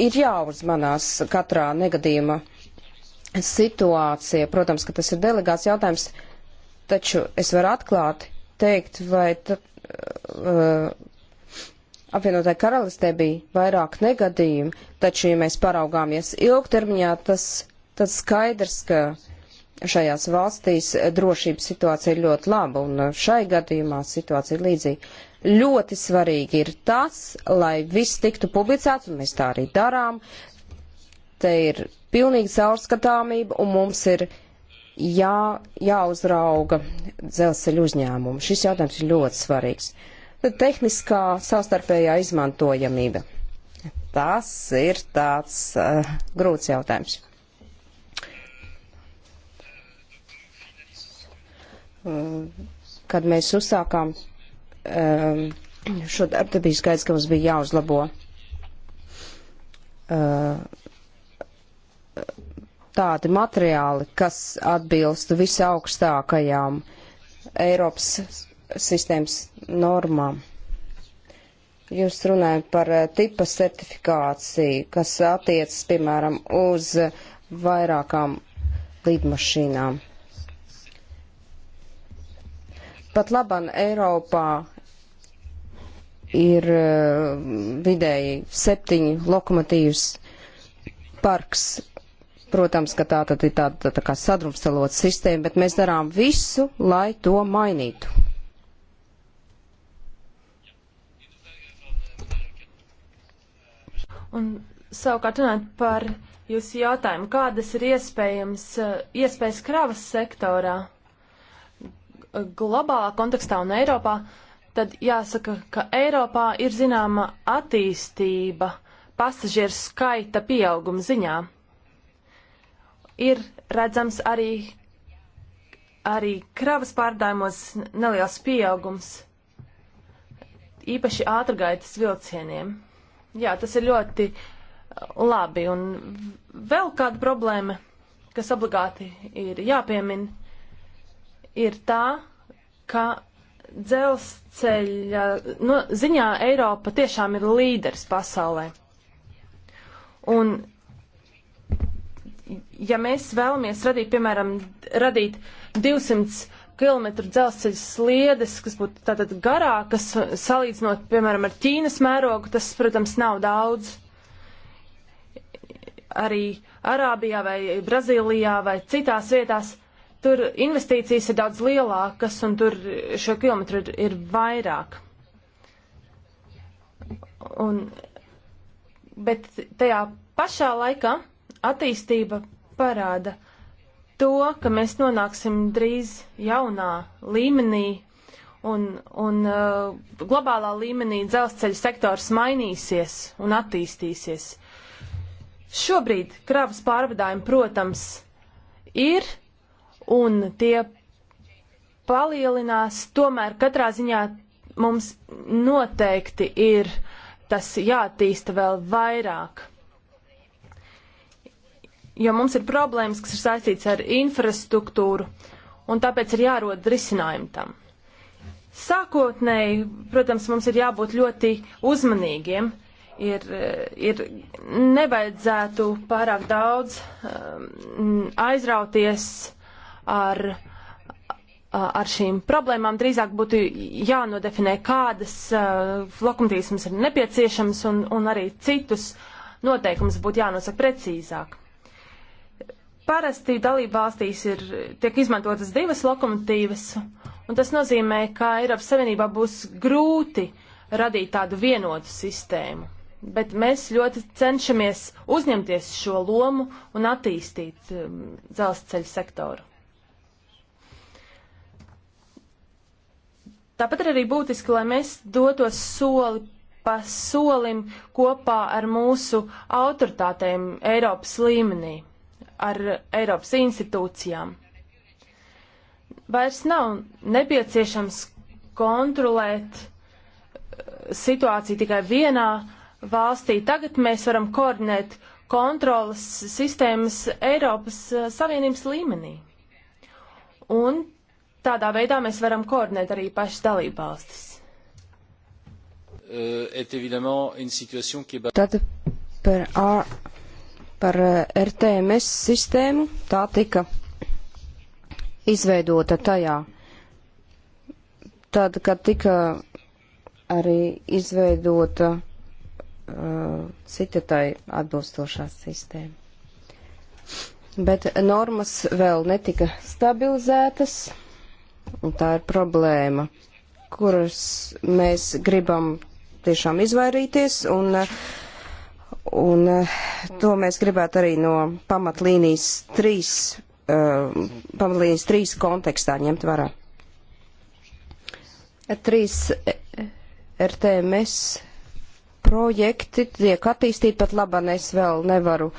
ir jāuzmanās katrā negadījuma situācija. Protams, ka tas ir delegāts jautājums, taču es varu atklāti teikt, vai tad, uh, apvienotāji karalistē bija vairāk negadījumi, taču, ja mēs paraugāmies ilgtermiņā, tas, tad skaidrs, ka šajās valstīs drošības situācija ir ļoti laba, un šai gadījumā situācija ir līdzīga ļoti svarīgi ir tas, lai viss tiktu publicēts, un mēs tā arī darām. Te ir pilnīga caurskatāmība, un mums ir jā, jāuzrauga dzelzceļu uzņēmumu. Šis jautājums ir ļoti svarīgs. Tad tehniskā savstarpējā izmantojamība. Tas ir tāds uh, grūts jautājums. Uh, kad mēs uzsākām um, šo darbu bija skaidrs, ka mums bija jāuzlabo. Uh, tādi materiāli, kas atbilst visaugstākajām Eiropas sistēmas normām. Jūs runājat par uh, tipa certifikāciju, kas attiecas, piemēram, uz vairākām lidmašīnām. Pat laban Eiropā ir e, vidēji septiņu lokomotīvas parks. Protams, ka tā tad ir tāda tā, tā kā sadrumstalota sistēma, bet mēs darām visu, lai to mainītu. Un savukārt runāt par jūsu jautājumu, kādas ir iespējams, e, iespējas kravas sektorā globālā kontekstā un Eiropā. Uh, tad jāsaka, ka Eiropā ir zināma attīstība pasažieru skaita pieauguma ziņā. Ir redzams arī, arī kravas pārdājumos neliels pieaugums, īpaši ātrgaitas vilcieniem. Jā, tas ir ļoti labi. Un vēl kāda problēma, kas obligāti ir jāpiemina, ir tā, ka dzelzceļa no, nu, ziņā Eiropa tiešām ir līderis pasaulē. Un, ja mēs vēlamies radīt, piemēram, radīt 200 km dzelzceļa sliedes, kas būtu tātad garākas, salīdzinot, piemēram, ar Ķīnas mērogu, tas, protams, nav daudz. Arī Arābijā vai Brazīlijā vai citās vietās tur investīcijas ir daudz lielākas un tur šo kilometru ir, ir vairāk. Un, bet tajā pašā laikā attīstība parāda to, ka mēs nonāksim drīz jaunā līmenī un, un uh, globālā līmenī dzelzceļa sektors mainīsies un attīstīsies. Šobrīd kravas pārvadājumi, protams, ir un tie palielinās. Tomēr katrā ziņā mums noteikti ir tas jātīsta vēl vairāk. Jo mums ir problēmas, kas ir saistīts ar infrastruktūru, un tāpēc ir jārod risinājumi tam. Sākotnēji, protams, mums ir jābūt ļoti uzmanīgiem, ir, ir nevajadzētu pārāk daudz um, aizrauties ar, ar šīm problēmām. Drīzāk būtu jānodefinē, kādas lokumtīsmas ir nepieciešams un, un arī citus noteikumus būtu jānosaka precīzāk. Parasti dalība valstīs ir, tiek izmantotas divas lokomotīvas, un tas nozīmē, ka Eiropas Savienībā būs grūti radīt tādu vienotu sistēmu bet mēs ļoti cenšamies uzņemties šo lomu un attīstīt um, dzelzceļa sektoru. Tāpat ir arī būtiski, lai mēs dotos soli pa solim kopā ar mūsu autoritātēm Eiropas līmenī, ar Eiropas institūcijām. Vairs nav nepieciešams kontrolēt eh, situāciju tikai vienā valstī. Tagad mēs varam koordinēt kontrolas sistēmas Eiropas eh, Savienības līmenī. Un tādā veidā mēs varam koordinēt arī pašas dalībvalstis. Euh, tad par, ar, par eh, RTMS sistēmu tā tika izveidota tajā, tad, kad tika arī izveidota uh, eh, citatai atbilstošā sistēma. Bet normas vēl netika stabilizētas Un tā ir problēma, kuras mēs gribam tiešām izvairīties, un, un to mēs gribētu arī no pamatlīnijas trīs, uh, pamatlīnijas trīs kontekstā ņemt varā. Trīs RTMS projekti tiek attīstīti, pat labam es vēl nevaru uh,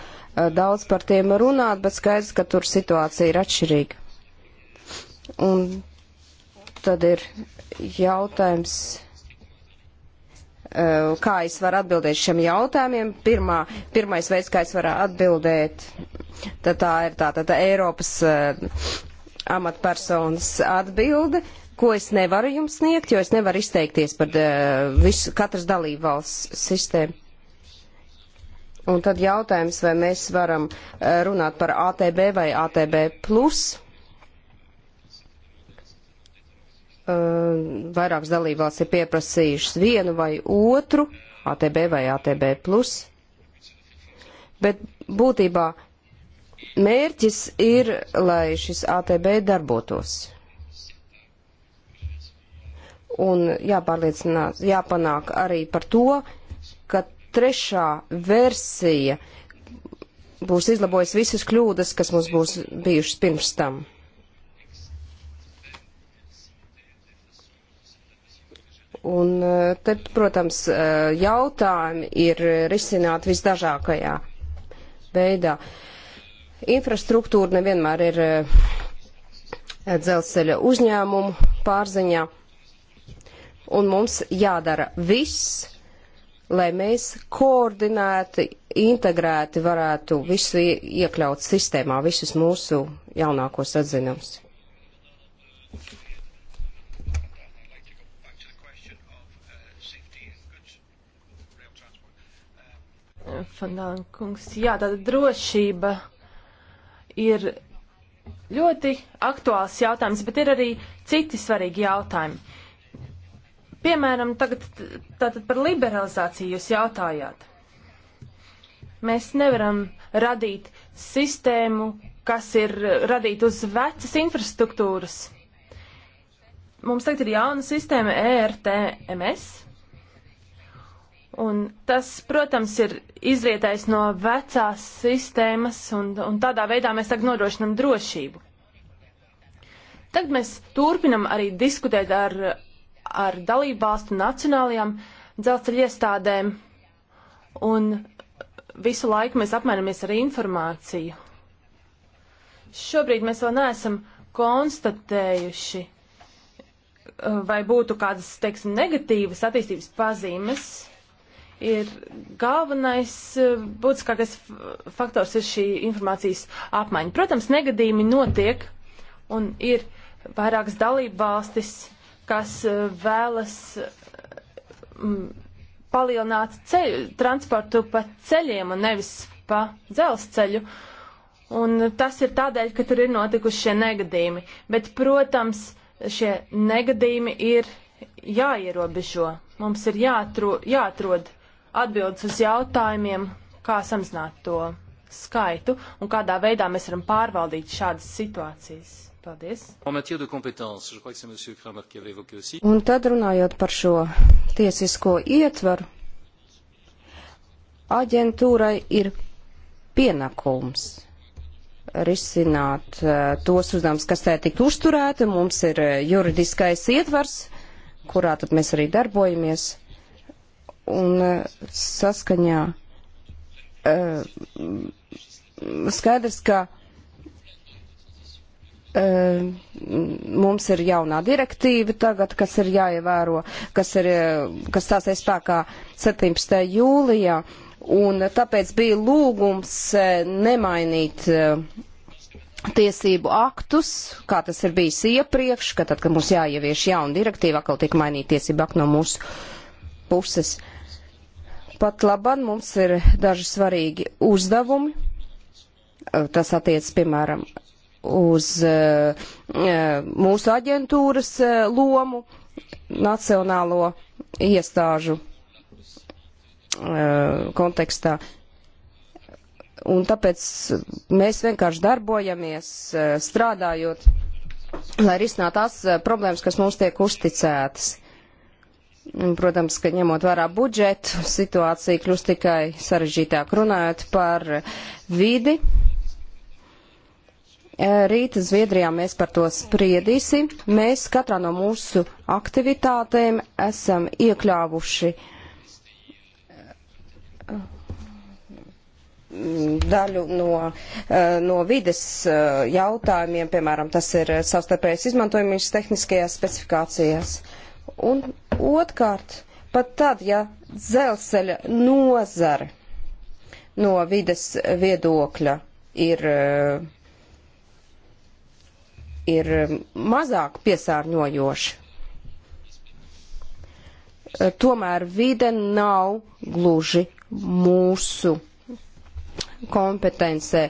daudz par tiem runāt, bet skaidrs, ka tur situācija ir atšķirīga. Un tad ir jautājums, e, kā es varu atbildēt šiem jautājumiem. Pirmā, pirmais veids, kā es varu atbildēt, tad tā ir tā, tad Eiropas e, amatpersonas atbilde, ko es nevaru jums sniegt, jo es nevaru izteikties par e, visu, katras dalību valsts sistēmu. Un tad jautājums, vai mēs varam runāt par ATB vai ATB plus Uh, vairākas dalībvalsts ir pieprasījušas vienu vai otru, ATB vai ATB+, bet būtībā mērķis ir, lai šis ATB darbotos. Un jāpārliecinās, jāpanāk arī par to, ka trešā versija būs izlabojusi visas kļūdas, kas mums būs bijušas pirms tam. Un te, protams, e, jautājumi ir risināti visdažākajā veidā. Infrastruktūra nevienmēr ir e, dzelzceļa uzņēmumu pārziņā, un mums jādara viss, lai mēs koordinēti, integrēti varētu visu iekļaut sistēmā, visus mūsu jaunākos atzinumus. Fandankungs. Jā, tāda drošība ir ļoti aktuāls jautājums, bet ir arī citi svarīgi jautājumi. Piemēram, tagad tātad par liberalizāciju jūs jautājāt. Mēs nevaram radīt sistēmu, kas ir radīta uz vecas infrastruktūras. Mums tagad ir jauna sistēma ERTMS, Un tas, protams, ir izrietais no vecās sistēmas, un, un tādā veidā mēs tagad nodrošinam drošību. Tagad mēs turpinam arī diskutēt ar, ar dalībvalstu nacionālajām dzelzceļa iestādēm, un visu laiku mēs apmainamies ar informāciju. Šobrīd mēs vēl neesam konstatējuši, eh, vai būtu kādas, teiksim, negatīvas attīstības pazīmes ir galvenais eh, būtiskākais faktors ir šī informācijas apmaiņa. Protams, negadījumi notiek un ir vairākas dalība valstis, kas eh, vēlas eh, palielināt ceļu, transportu pa ceļiem un nevis pa dzelzceļu. Un tas ir tādēļ, ka tur ir notikuši šie negadījumi. Bet, protams, šie negadījumi ir jāierobežo. Mums ir jāatro, jāatrod atbildes uz jautājumiem, kā samazināt to skaitu un kādā veidā mēs varam pārvaldīt šādas situācijas. Paldies. Un tad runājot par šo tiesisko ietvaru, aģentūrai ir pienākums risināt eh, tos uzdevumus, kas tā tik uzturēti. Mums ir eh, juridiskais ietvars, kurā tad mēs arī darbojamies un e, saskaņā e, skaidrs, ka e, mums ir jaunā direktīva tagad, kas ir jāievēro, kas, ir, kas stāsies spēkā 17. jūlijā, un tāpēc bija lūgums nemainīt tiesību aktus, kā tas ir bijis iepriekš, ka tad, kad mums jāievieš jauna direktīva, atkal tiek mainīt tiesību aktu no mūsu puses. Uh, Pat labam mums ir daži svarīgi uzdevumi. Tas attiec, piemēram, uz mūsu aģentūras lomu, nacionālo iestāžu kontekstā. Un tāpēc mēs vienkārši darbojamies, strādājot, lai risinātu tās problēmas, kas mums tiek uzticētas. Protams, ka ņemot vērā budžetu, situācija kļūst tikai sarežģītāk runājot par vidi. Rīta Zviedrijā mēs par to spriedīsim. Mēs katrā no mūsu aktivitātēm esam iekļāvuši mm, daļu no, eh, no vides eh, jautājumiem, piemēram, tas ir savstarpējais izmantojums tehniskajās specifikācijās. Un otrkārt, pat tad, ja dzelzceļa nozare no vides viedokļa ir, eh, ir mazāk piesārņojoša, eh, tomēr vide nav gluži mūsu kompetencē.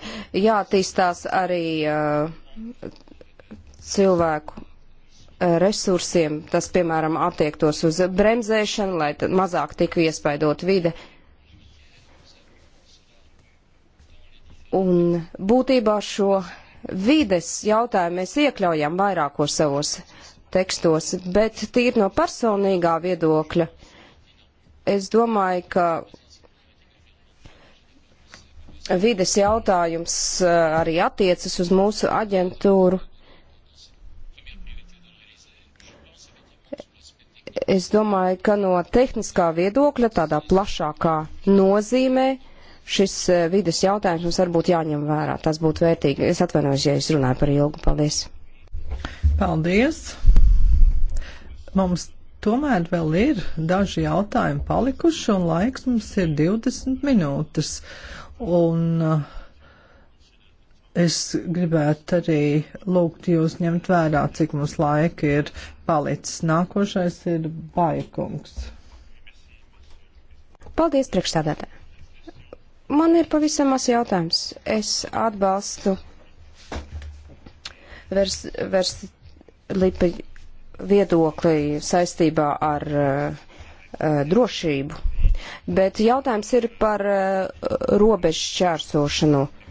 Jātīstās arī uh, cilvēku resursiem, tas, piemēram, attiektos uz bremzēšanu, lai mazāk tiktu iespaidot vide. Un būtībā šo vides jautājumu mēs iekļaujam vairākos savos tekstos, bet tīri no personīgā viedokļa. Es domāju, ka vides jautājums eh, arī attiecas uz mūsu aģentūru Es domāju, ka no tehniskā viedokļa, tādā plašākā nozīmē, šis eh, vidas jautājums mums varbūt jāņem vērā. Tas būtu vērtīgi. Es atvainojos, ja es runāju par ilgu. Paldies! Paldies! Mums tomēr vēl ir daži jautājumi palikuši, un laiks mums ir 20 minūtes. Un uh, Es gribētu arī lūgt jūs ņemt vērā, cik mums laika ir palicis. Nākošais ir Baikungs. Paldies, priekšstādātāji! Man ir pavisam maz jautājums. Es atbalstu vers, vers lipa viedokli saistībā ar uh, uh, drošību, bet jautājums ir par uh, robežu čērsošanu. Uh,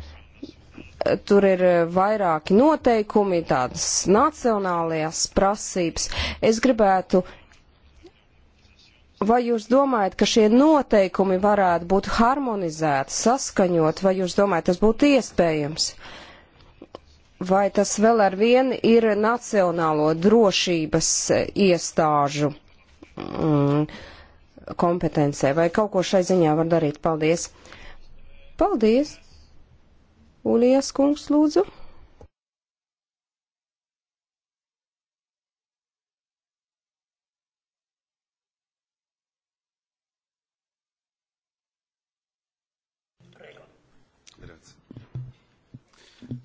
Tur ir eh, vairāki noteikumi, tādas nacionālajās prasības. Es gribētu Vai jūs domājat, ka šie noteikumi varētu būt harmonizēti, saskaņot, vai jūs domājat, tas būtu iespējams? Vai tas vēl ar vienu ir nacionālo drošības eh, iestāžu mm, kompetencē, vai kaut ko šai ziņā var darīt? Paldies! Paldies! Ulijas kungs lūdzu.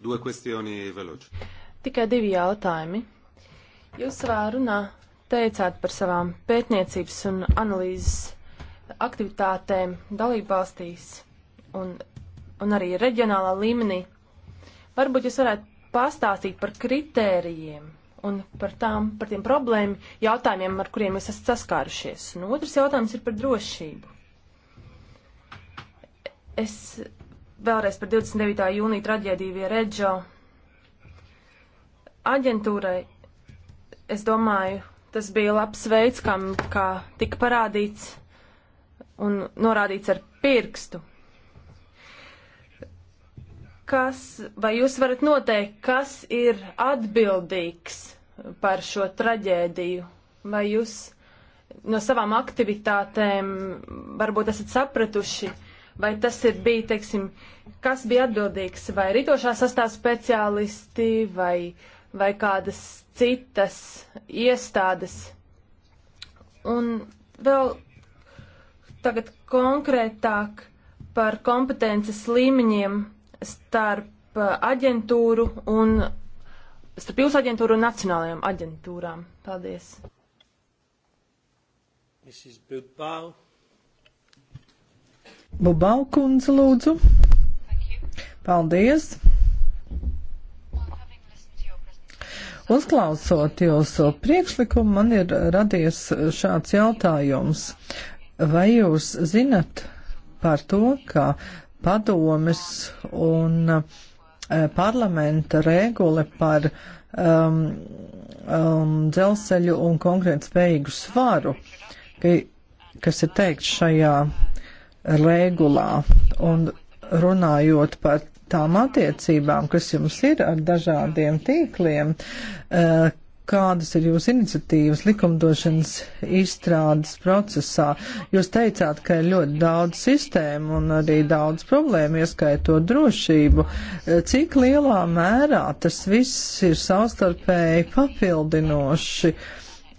Due questioni veloci. Tikai divi jautājumi. Jūs savā runā teicāt par savām pētniecības un analīzes aktivitātēm dalībvalstīs un un arī reģionālā līmenī. Varbūt jūs varētu pastāstīt par kritērijiem un par, tām, par tiem problēmu jautājumiem, ar kuriem jūs esat saskārušies. Un otrs jautājums ir par drošību. Es vēlreiz par 29. jūnija traģēdiju vie Reģo aģentūrai, es domāju, tas bija labs veids, kam, kā tika parādīts un norādīts ar pirkstu kas, vai jūs varat noteikt, kas ir atbildīgs par šo traģēdiju? Vai jūs no savām aktivitātēm varbūt esat sapratuši, vai tas ir bija, teiksim, kas bija atbildīgs, vai ritošā sastāv speciālisti, vai, vai kādas citas iestādes? Un vēl tagad konkrētāk par kompetences līmeņiem starp aģentūru un starp jūsu aģentūru un nacionālajām aģentūrām. Paldies. Mrs. Bilbao. Bubau kundze, lūdzu. Paldies. Uzklausot jūsu priekšlikumu, man ir radies šāds jautājums. Vai jūs zinat par to, ka padomes un e, parlamenta regula par um, um, dzelzceļu un konkrēt spējīgu svaru, ka, kas ir teikts šajā regulā. Un runājot par tām attiecībām, kas jums ir ar dažādiem tīkliem, e, kādas ir jūsu iniciatīvas likumdošanas izstrādes procesā. Jūs teicāt, ka ir ļoti daudz sistēmu un arī daudz problēmu, ieskaitot drošību. Cik lielā mērā tas viss ir savstarpēji papildinoši?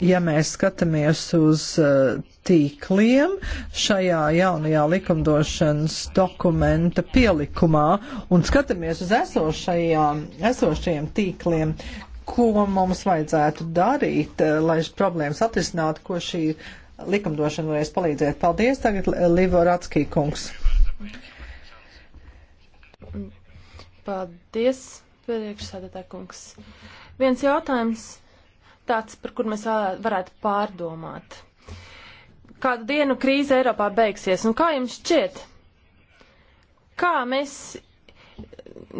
Ja mēs skatāmies uz eh, tīkliem šajā jaunajā likumdošanas dokumenta pielikumā un skatāmies uz esošajām, esošajiem tīkliem, ko mums vajadzētu darīt, eh, lai šis problēmas atrisinātu, ko šī likumdošana varēs palīdzēt. Paldies, tagad Livo Ratskī kungs. Paldies, priekšsēdētā kungs. Viens jautājums tāds, par kur mēs varētu pārdomāt. Kādu dienu krīze Eiropā beigsies, un kā jums šķiet? Kā mēs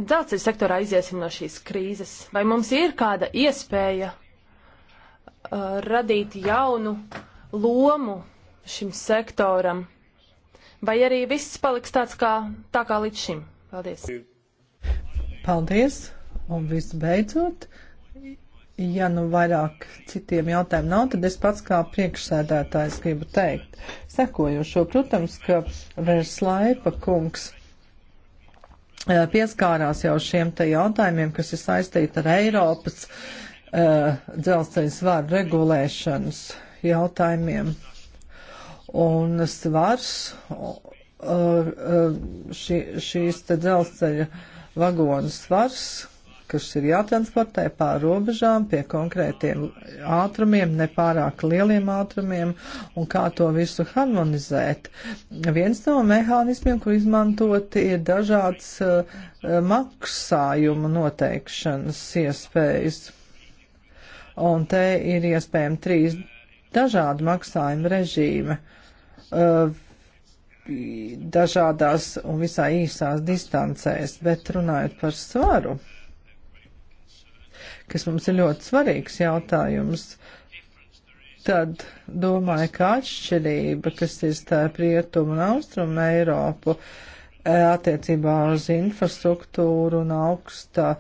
dzelzceļa sektorā iziesim no šīs krīzes? Vai mums ir kāda iespēja uh, radīt jaunu lomu šim sektoram? Vai arī viss paliks tāds kā, tā kā līdz šim? Paldies! Paldies! Un visbeidzot, ja nu vairāk citiem jautājumu nav, tad es pats kā priekšsēdētājs gribu teikt sekojošo. Protams, ka Verslaipa kungs Eh, pieskārās jau šiem te jautājumiem, kas ir saistīti ar Eiropas uh, dzelzceļa svaru regulēšanas jautājumiem. Un svars uh, uh, šī, šīs te dzelzceļa vagonu svars kas ir jātransportē pār robežām pie konkrētiem ātrumiem, nepārāk lieliem ātrumiem un kā to visu harmonizēt. Viens no mehānismiem, ko izmantot, ir dažāds uh, eh, maksājumu noteikšanas iespējas. Un te ir iespējami trīs dažādi maksājuma režīmi. Uh, dažādās un visā īsās distancēs, bet runājot par svaru, kas mums ir ļoti svarīgs jautājums, tad domāju, ka atšķirība, kas ir starp rietumu un austrumu Eiropu e, attiecībā uz infrastruktūru un augsta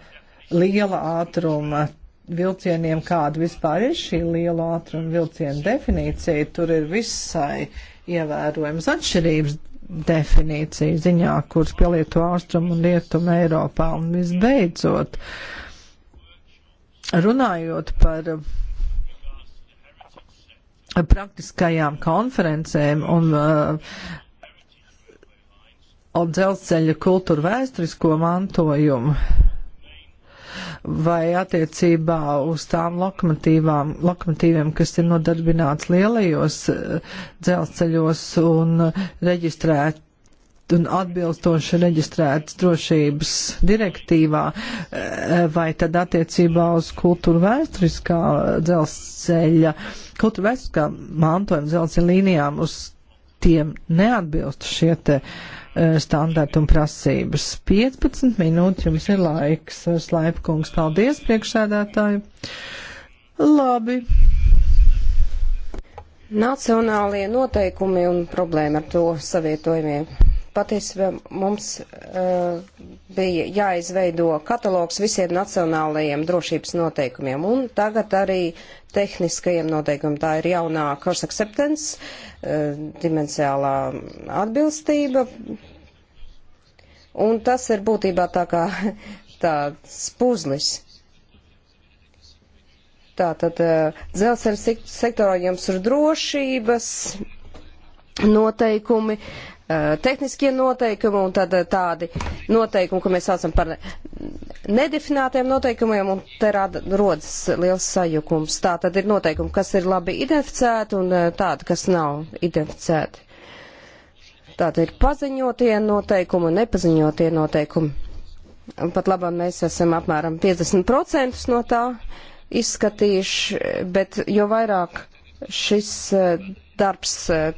liela ātruma vilcieniem, kāda vispār ir šī liela ātruma vilciena definīcija, tur ir visai ievērojams atšķirības definīcija ziņā, kuras pielieto austrumu un rietumu Eiropā. Un visbeidzot, uh, Runājot par eh, praktiskajām konferencēm un uh, un dzelzceļa kultūra vēsturisko mantojumu vai attiecībā uz tām lokomotīvām, lokomotīviem, kas ir nodarbināts lielajos eh, dzelzceļos un reģistrēt un atbilstoši reģistrēts drošības direktīvā, eh, vai tad attiecībā uz kultūra vēsturiskā dzelzceļa, kultūra vēsturiskā mantojuma dzelzceļa līnijām uz tiem neatbilst šie te eh, standarti un prasības. 15 minūtes jums ir laiks, eh, Slaipkungs, paldies priekšsēdētāju. Labi. Nacionālie noteikumi un problēma ar to savietojumiem patiesībā mums uh, bija jāizveido katalogs visiem nacionālajiem drošības noteikumiem un tagad arī tehniskajiem noteikumiem. Tā ir jaunā cross acceptance, uh, eh, dimensijālā atbilstība. Un tas ir būtībā tā kā (laughs) tāds puzlis. Tātad uh, dzelzceļa sektorā jums ir drošības noteikumi, Eh, tehniskie noteikumi un tad eh, tādi noteikumi, ko mēs saucam par nedefinētiem noteikumiem, un te rada, rodas liels sajukums. Tā tad ir noteikumi, kas ir labi identificēti un eh, tādi, kas nav identificēti. Tātad ir paziņotie noteikumi un nepaziņotie noteikumi. Pat labāk mēs esam apmēram 50% no tā izskatījuši, bet jo vairāk šis darbs, e,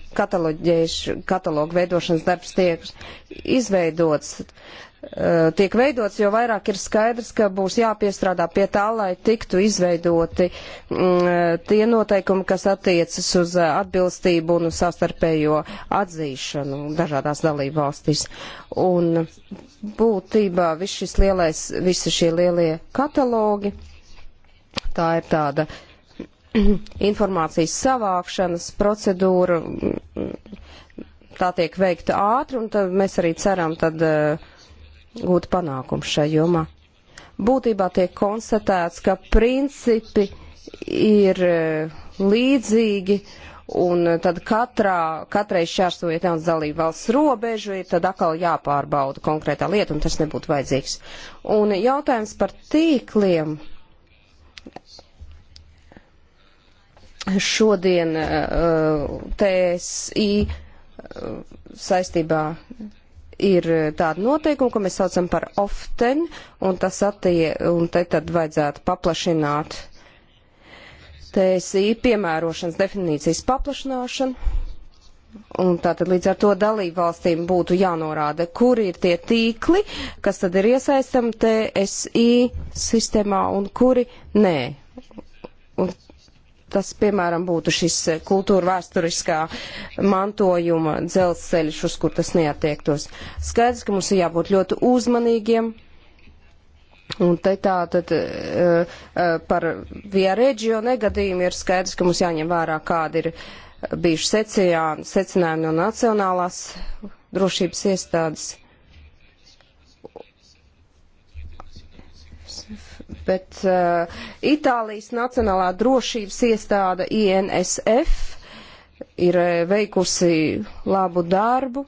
katalogu veidošanas darbs tiek izveidots, e, tiek veidots, jo vairāk ir skaidrs, ka būs jāpiestrādā pie tā, lai tiktu izveidoti mm, e, tie noteikumi, kas attiecas uz atbilstību un savstarpējo atzīšanu dažādās dalību valstīs. Un būtībā viss šis lielais, visi šie lielie katalogi, tā ir tāda uh, (clears throat) informācijas savākšanas procedūra tā tiek veikta ātri, un tad mēs arī ceram tad uh, gūt panākumu šai jomā. Būtībā tiek konstatēts, ka principi ir uh, līdzīgi, un tad katrā, katrai šķērsojot jaunas dalību valsts robežu, ir tad atkal jāpārbauda konkrētā lieta, un tas nebūtu vajadzīgs. Un jautājums par tīkliem šodien eh, TSI eh, saistībā ir tāda noteikuma, ko mēs saucam par often, un tas attie, un te tad vajadzētu paplašināt TSI piemērošanas definīcijas paplašināšanu. Un tātad līdz ar to dalību valstīm būtu jānorāda, kur ir tie tīkli, kas tad ir iesaistam TSI sistēmā un kuri nē. Un tas, piemēram, būtu šis eh, kultūra vēsturiskā mantojuma dzelzceļš, uz kur tas neatiektos. Skaidrs, ka mums ir jābūt ļoti uzmanīgiem. Un te tā tad uh, uh, par via reģio negadījumu ir skaidrs, ka mums jāņem vērā, kāda ir bijuši secinājumi no nacionālās drošības iestādes. bet uh, Itālijas Nacionālā drošības iestāde INSF ir uh, veikusi labu darbu.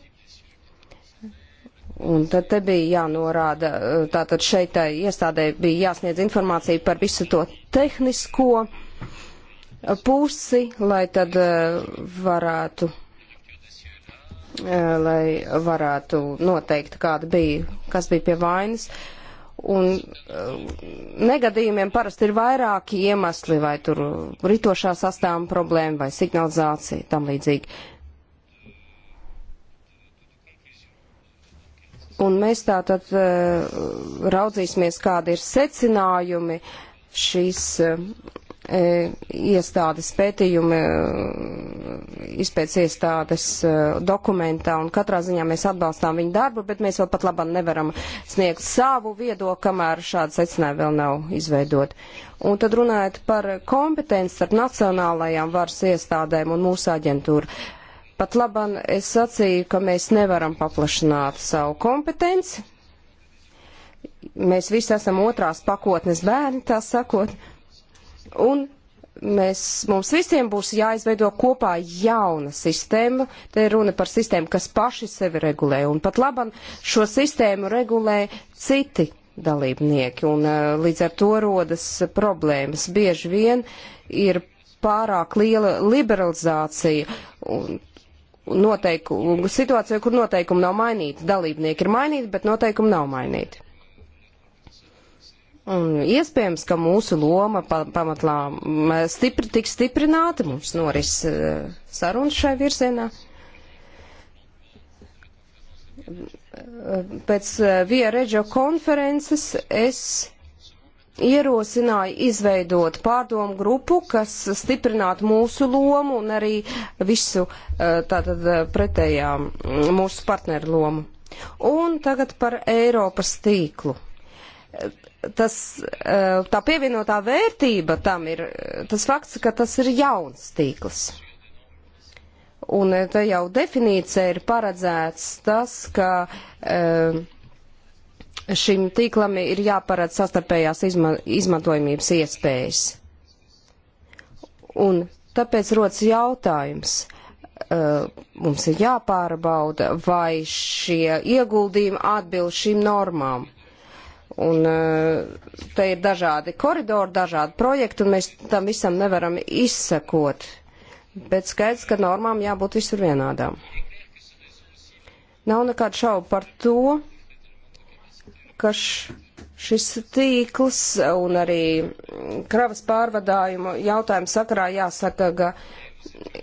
Un tad te bija jānorāda, uh, tātad šeit tā iestādē bija jāsniedz informācija par visu to tehnisko uh, pusi, lai tad uh, varētu uh, lai varētu noteikt, kāda bija, kas bija pie vainas. Uh, Un eh, negadījumiem parasti ir vairāki iemesli, vai tur ritošā sastāvuma problēma, vai signalizācija, tam līdzīgi. Un mēs tā tad eh, raudzīsimies, kādi ir secinājumi šīs eh, E, iestādes pētījumi, e, izpēc iestādes e, dokumentā, un katrā ziņā mēs atbalstām viņu darbu, bet mēs vēl pat labam nevaram sniegt savu viedokli, kamēr šāda secinājuma vēl nav izveidot. Un tad runājot par kompetenci starp nacionālajām varas iestādēm un mūsu aģentūru. Pat labam es sacīju, ka mēs nevaram paplašināt savu kompetenci. Mēs visi esam otrās pakotnes bērni, tā sakot. Un mēs, mums visiem būs jāizveido kopā jauna sistēma. Te ir runa par sistēmu, kas paši sevi regulē. Un pat labam šo sistēmu regulē citi dalībnieki. Un uh, līdz ar to rodas problēmas. Bieži vien ir pārāk liela liberalizācija. Un, Noteiku, situācija, kur noteikumi nav mainīti. Dalībnieki ir mainīti, bet noteikumi nav mainīti. Un iespējams, ka mūsu loma pa, pamatlā stipri, tiks stiprināta, mums noris uh, sarunas šai virzienā. E, pēc uh, Via Reģio konferences es ierosināja izveidot pārdomu grupu, kas stiprinātu mūsu lomu un arī visu tātad pretējā mūsu partneru lomu. Un tagad par Eiropas tīklu tas, eh, tā pievienotā vērtība tam ir tas fakts, ka tas ir jauns tīkls. Un eh, te jau definīcija ir paredzēts tas, ka eh, šim tīklam ir jāparedz sastarpējās izma izmantojumības iespējas. Un tāpēc rodas jautājums, mums ir jāpārbauda, vai šie ieguldījumi atbilst šīm normām Un eh, te ir dažādi koridori, dažādi projekti, un mēs tam visam nevaram izsekot. Bet skaidrs, ka normām jābūt visur vienādām. Nav nekādu šaubu par to, ka šis tīkls un arī kravas pārvadājumu jautājumu sakarā jāsaka, ka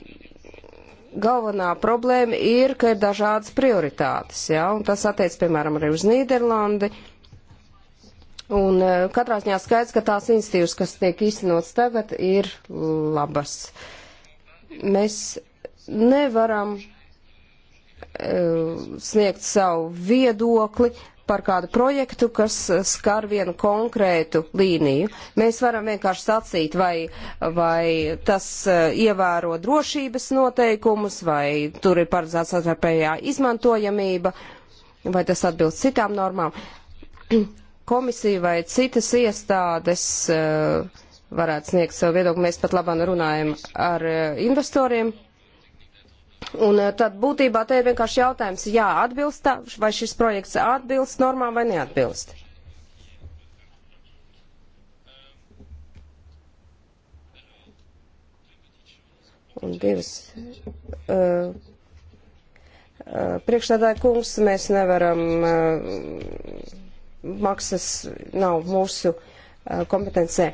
galvenā problēma ir, ka ir dažādas prioritātes, jā, ja? un tas attiec, piemēram, arī uz Nīderlandi Un e, katrā ziņā skaidrs, ka tās institīvas, kas tiek īstenotas tagad, ir labas. Mēs nevaram uh, sniegt savu viedokli par kādu projektu, kas skar vienu konkrētu līniju. Mēs varam vienkārši sacīt, vai, vai tas e, ievēro drošības noteikumus, vai tur ir paredzēts atvērpējā izmantojamība, vai tas atbilst citām normām komisija vai citas iestādes eh, varētu sniegt savu viedokli. Mēs pat labāk runājam ar eh, investoriem. Un eh, tad būtībā te ir vienkārši jautājums, jā, atbilst, vai šis projekts atbilst normām vai neatbilst. Un divas. Uh, uh, priekšstādāja kungs, mēs nevaram. Uh, maksas nav mūsu eh, kompetencē.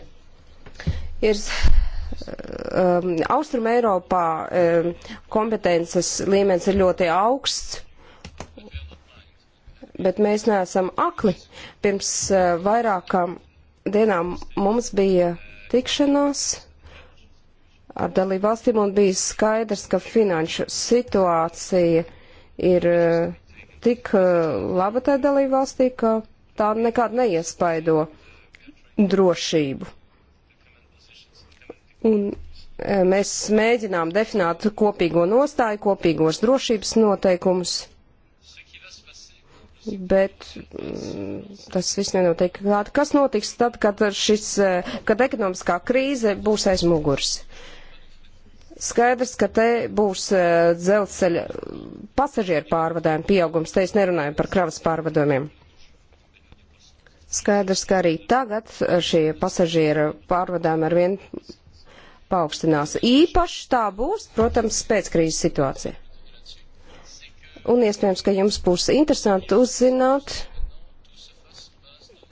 Ir eh, um, Austrum Eiropā um, kompetences līmenis ir ļoti augsts, bet mēs neesam akli. Pirms uh, vairākām dienām mums bija tikšanās ar dalību valstīm un bija skaidrs, ka finanšu situācija ir uh, tik uh, laba tajā dalību valstī, ka tā nekād neiespaido drošību. Un e, mēs mēģinām definēt kopīgo nostāju, kopīgos drošības noteikumus, bet mm, tas viss nenotiek. Kas notiks tad, kad, šis, e, kad ekonomiskā krīze būs aiz muguras? Skaidrs, ka te būs e, dzelzceļa pasažieru pārvadājumu pieaugums, te es nerunāju par kravas pārvadājumiem. Skaidrs, ka arī tagad šie pasažieru pārvadājumi ar vien paaugstinās. Īpaši tā būs, protams, pēc krīzes situācija. Un iespējams, ka jums būs interesanti uzzināt,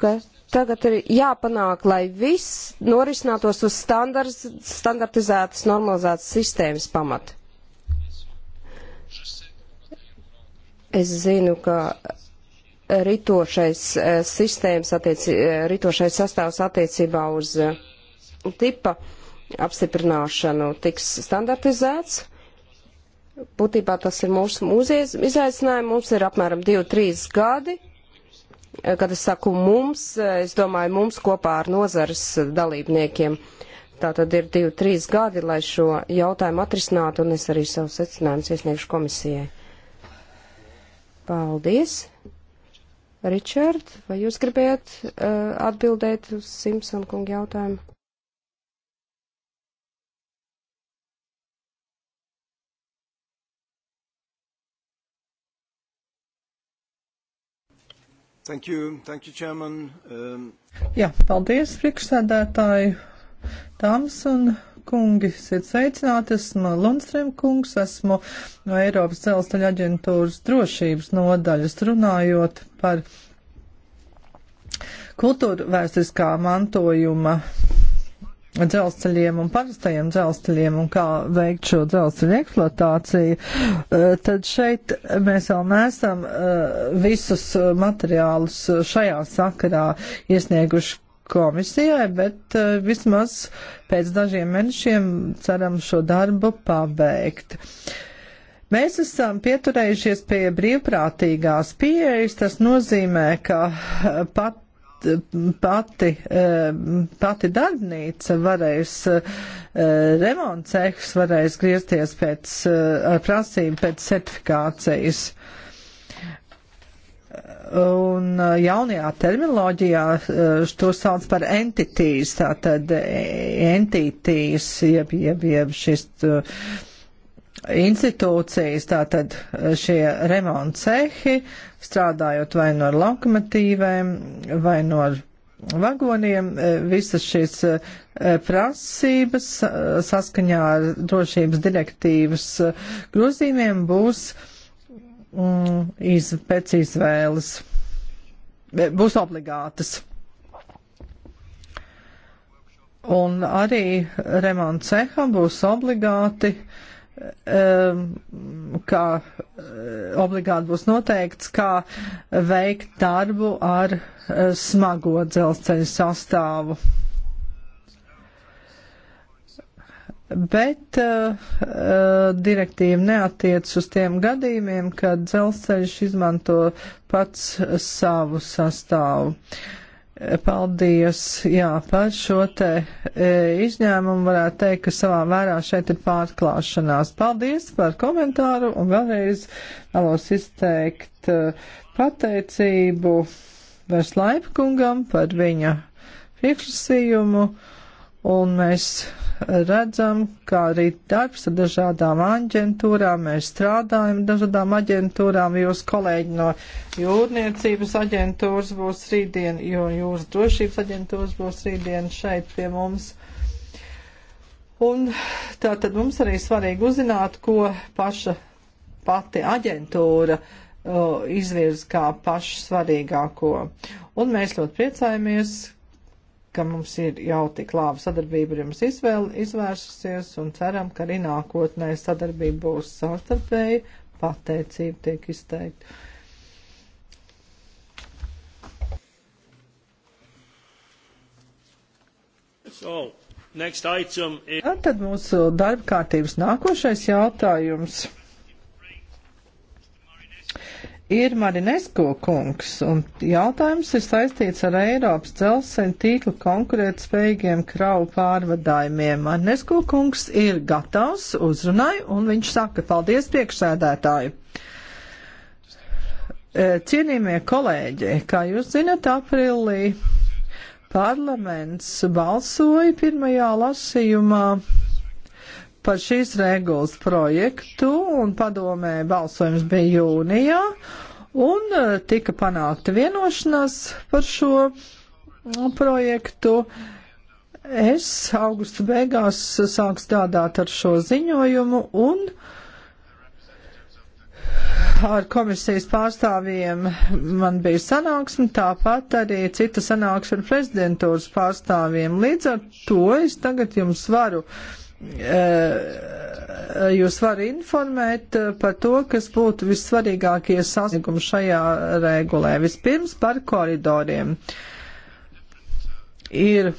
ka tagad ir jāpanāk, lai viss norisinātos uz standartizētas, normalizētas sistēmas pamata. Es zinu, ka ritošais eh, sistēmas, attiec, eh, ritošais sastāvs attiecībā uz eh, tipa apstiprināšanu tiks standartizēts. Būtībā tas ir mūsu mūzies izaicinājums. Mums ir apmēram 2-3 gadi. Kad es saku mums, es domāju mums kopā ar nozares dalībniekiem. Tā tad ir 2-3 gadi, lai šo jautājumu atrisinātu, un es arī savu secinājumu iesniegšu komisijai. Paldies! Richard, vai jūs gribējat uh, atbildēt uz Simpsona kunga jautājumu? Thank you, thank you, Chairman. Um... Jā, paldies, priekšsēdētāji, dāmas un kungi, esiet sveicināti, esmu Lundstrēm kungs, esmu no Eiropas dzelzceļa aģentūras drošības nodaļas runājot par kultūra vēsturiskā mantojuma dzelzceļiem un parastajiem dzelzceļiem un kā veikt šo dzelzceļu eksploatāciju, eh, tad šeit mēs vēl nesam eh, visus eh, materiālus šajā sakarā iesnieguši komisijai, bet uh, vismaz pēc dažiem mēnešiem ceram šo darbu pabeigt. Mēs esam pieturējušies pie brīvprātīgās pieejas, tas nozīmē, ka eh, pat pati, eh, pati darbnīca varēs, remontcehs varēs griezties pēc, ar prasību pēc certifikācijas. Uh, Un uh, jaunajā terminoloģijā uh, to sauc par entities, tātad e, entities, jeb, jeb, jeb šis uh, institūcijas, tātad šie remonta cehi, strādājot vai no lokomotīvēm, vai no vagoniem, e, visas šīs e, prasības saskaņā ar drošības direktīvas grozījumiem būs uh, mm, iz, pēc izvēles. Būs obligātas. Un arī remonta ceha būs obligāti, um, kā uh, obligāti būs noteikts, kā veikt darbu ar uh, smago dzelzceļa sastāvu. bet uh, uh, direktīva neatiec uz tiem gadījumiem, kad dzelzceļš izmanto pats savu sastāvu. Paldies, jā, par šo te e, izņēmumu varētu teikt, ka savā vērā šeit ir pārklāšanās. Paldies par komentāru un vēlreiz vēlos izteikt uh, pateicību Verslaipkungam par viņa priekšlasījumu un mēs redzam, kā arī darbs ar dažādām aģentūrām, mēs strādājam dažādām aģentūrām, jūs kolēģi no jūrniecības aģentūras būs rītdien, jo jūras drošības aģentūras būs rītdien šeit pie mums. Un tā tad mums arī svarīgi uzzināt, ko paša pati aģentūra uh, izvirz kā pašu svarīgāko. Un mēs ļoti priecājamies, ka mums ir jau tik laba sadarbība ar jums izvēl, izvērsusies un ceram, ka arī nākotnē sadarbība būs savstarpēja, pateicība tiek izteikta. So, next item is... Tad mūsu darba kārtības nākošais jautājums ir Marinesko kungs, un jautājums ir saistīts ar Eiropas dzelzceļa tīkla konkurētspējīgiem kravu pārvadājumiem. Marinesko kungs ir gatavs uzrunai, un viņš saka, paldies priekšsēdētāju. E, cienījamie kolēģi, kā jūs zinat, aprīlī parlaments balsoja pirmajā lasījumā par šīs regulas projektu, un padomē balsojums bija jūnijā, un e, tika panākta vienošanās par šo projektu. Es augusta beigās sāku strādāt ar šo ziņojumu un ar komisijas pārstāvjiem man bija sanāksme, tāpat arī cita sanāksme ar prezidentūras pārstāvjiem. Līdz ar to es tagad jums varu uh, Eh, eh, jūs var informēt eh, par to, kas būtu vissvarīgākie sasniegumi šajā regulē. Vispirms par koridoriem. Ir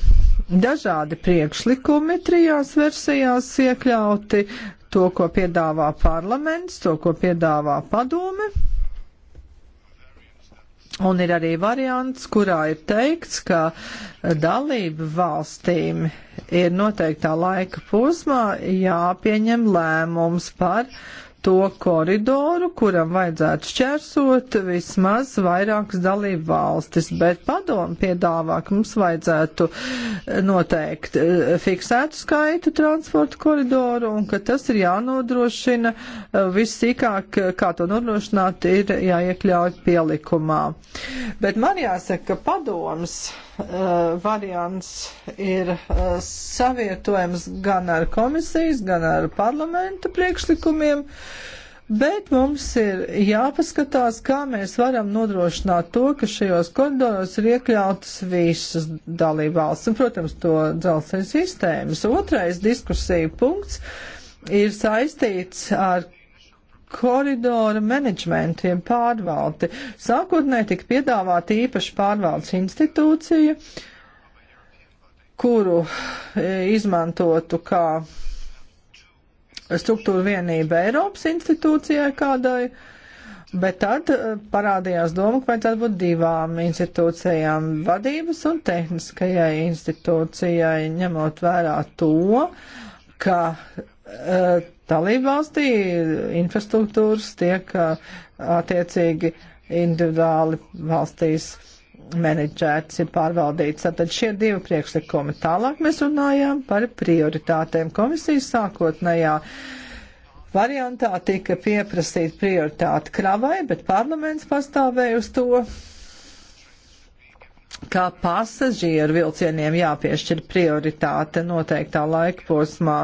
dažādi priekšlikumi trijās versijās iekļauti, to, ko piedāvā parlaments, to, ko piedāvā padome. Un ir arī variants, kurā ir teikts, ka dalību valstīm ir noteiktā laika posmā jāpieņem lēmums par to koridoru, kuram vajadzētu šķērsot vismaz vairākas dalību valstis, bet padomu piedāvā, ka mums vajadzētu eh, noteikt eh, fiksētu skaitu transporta koridoru un ka tas ir jānodrošina eh, vissīkāk, kā to nodrošināt, ir jāiekļauj pielikumā. Bet man jāsaka, ka padoms Eh, variants ir eh, savietojams gan ar komisijas, gan ar parlamenta priekšlikumiem. Bet mums ir jāpaskatās, kā mēs varam nodrošināt to, ka šajos koridoros ir iekļautas visas dalībvalsts un, protams, to dzelzceļa sistēmas. Otrais diskusija punkts ir saistīts ar koridoru menedžmentiem pārvaldi. Sākotnēji tika piedāvāta īpaša pārvaldes institūcija, kuru e, izmantotu kā struktūra vienība Eiropas institūcijai kādai, bet tad e, parādījās doma, ka vajadzētu būt divām institūcijām - vadības un tehniskajai institūcijai, ņemot vērā to, ka Eh, dalībvalstī infrastruktūras tiek eh, attiecīgi individuāli valstīs menedžēts ir pārvaldīts. Tātad šie divi priekšlikumi. Tālāk mēs runājām par prioritātēm. Komisijas sākotnējā variantā tika pieprasīt prioritāti kravai, bet parlaments pastāvēja uz to, kā pasažieru vilcieniem jāpiešķir prioritāte noteiktā laika posmā.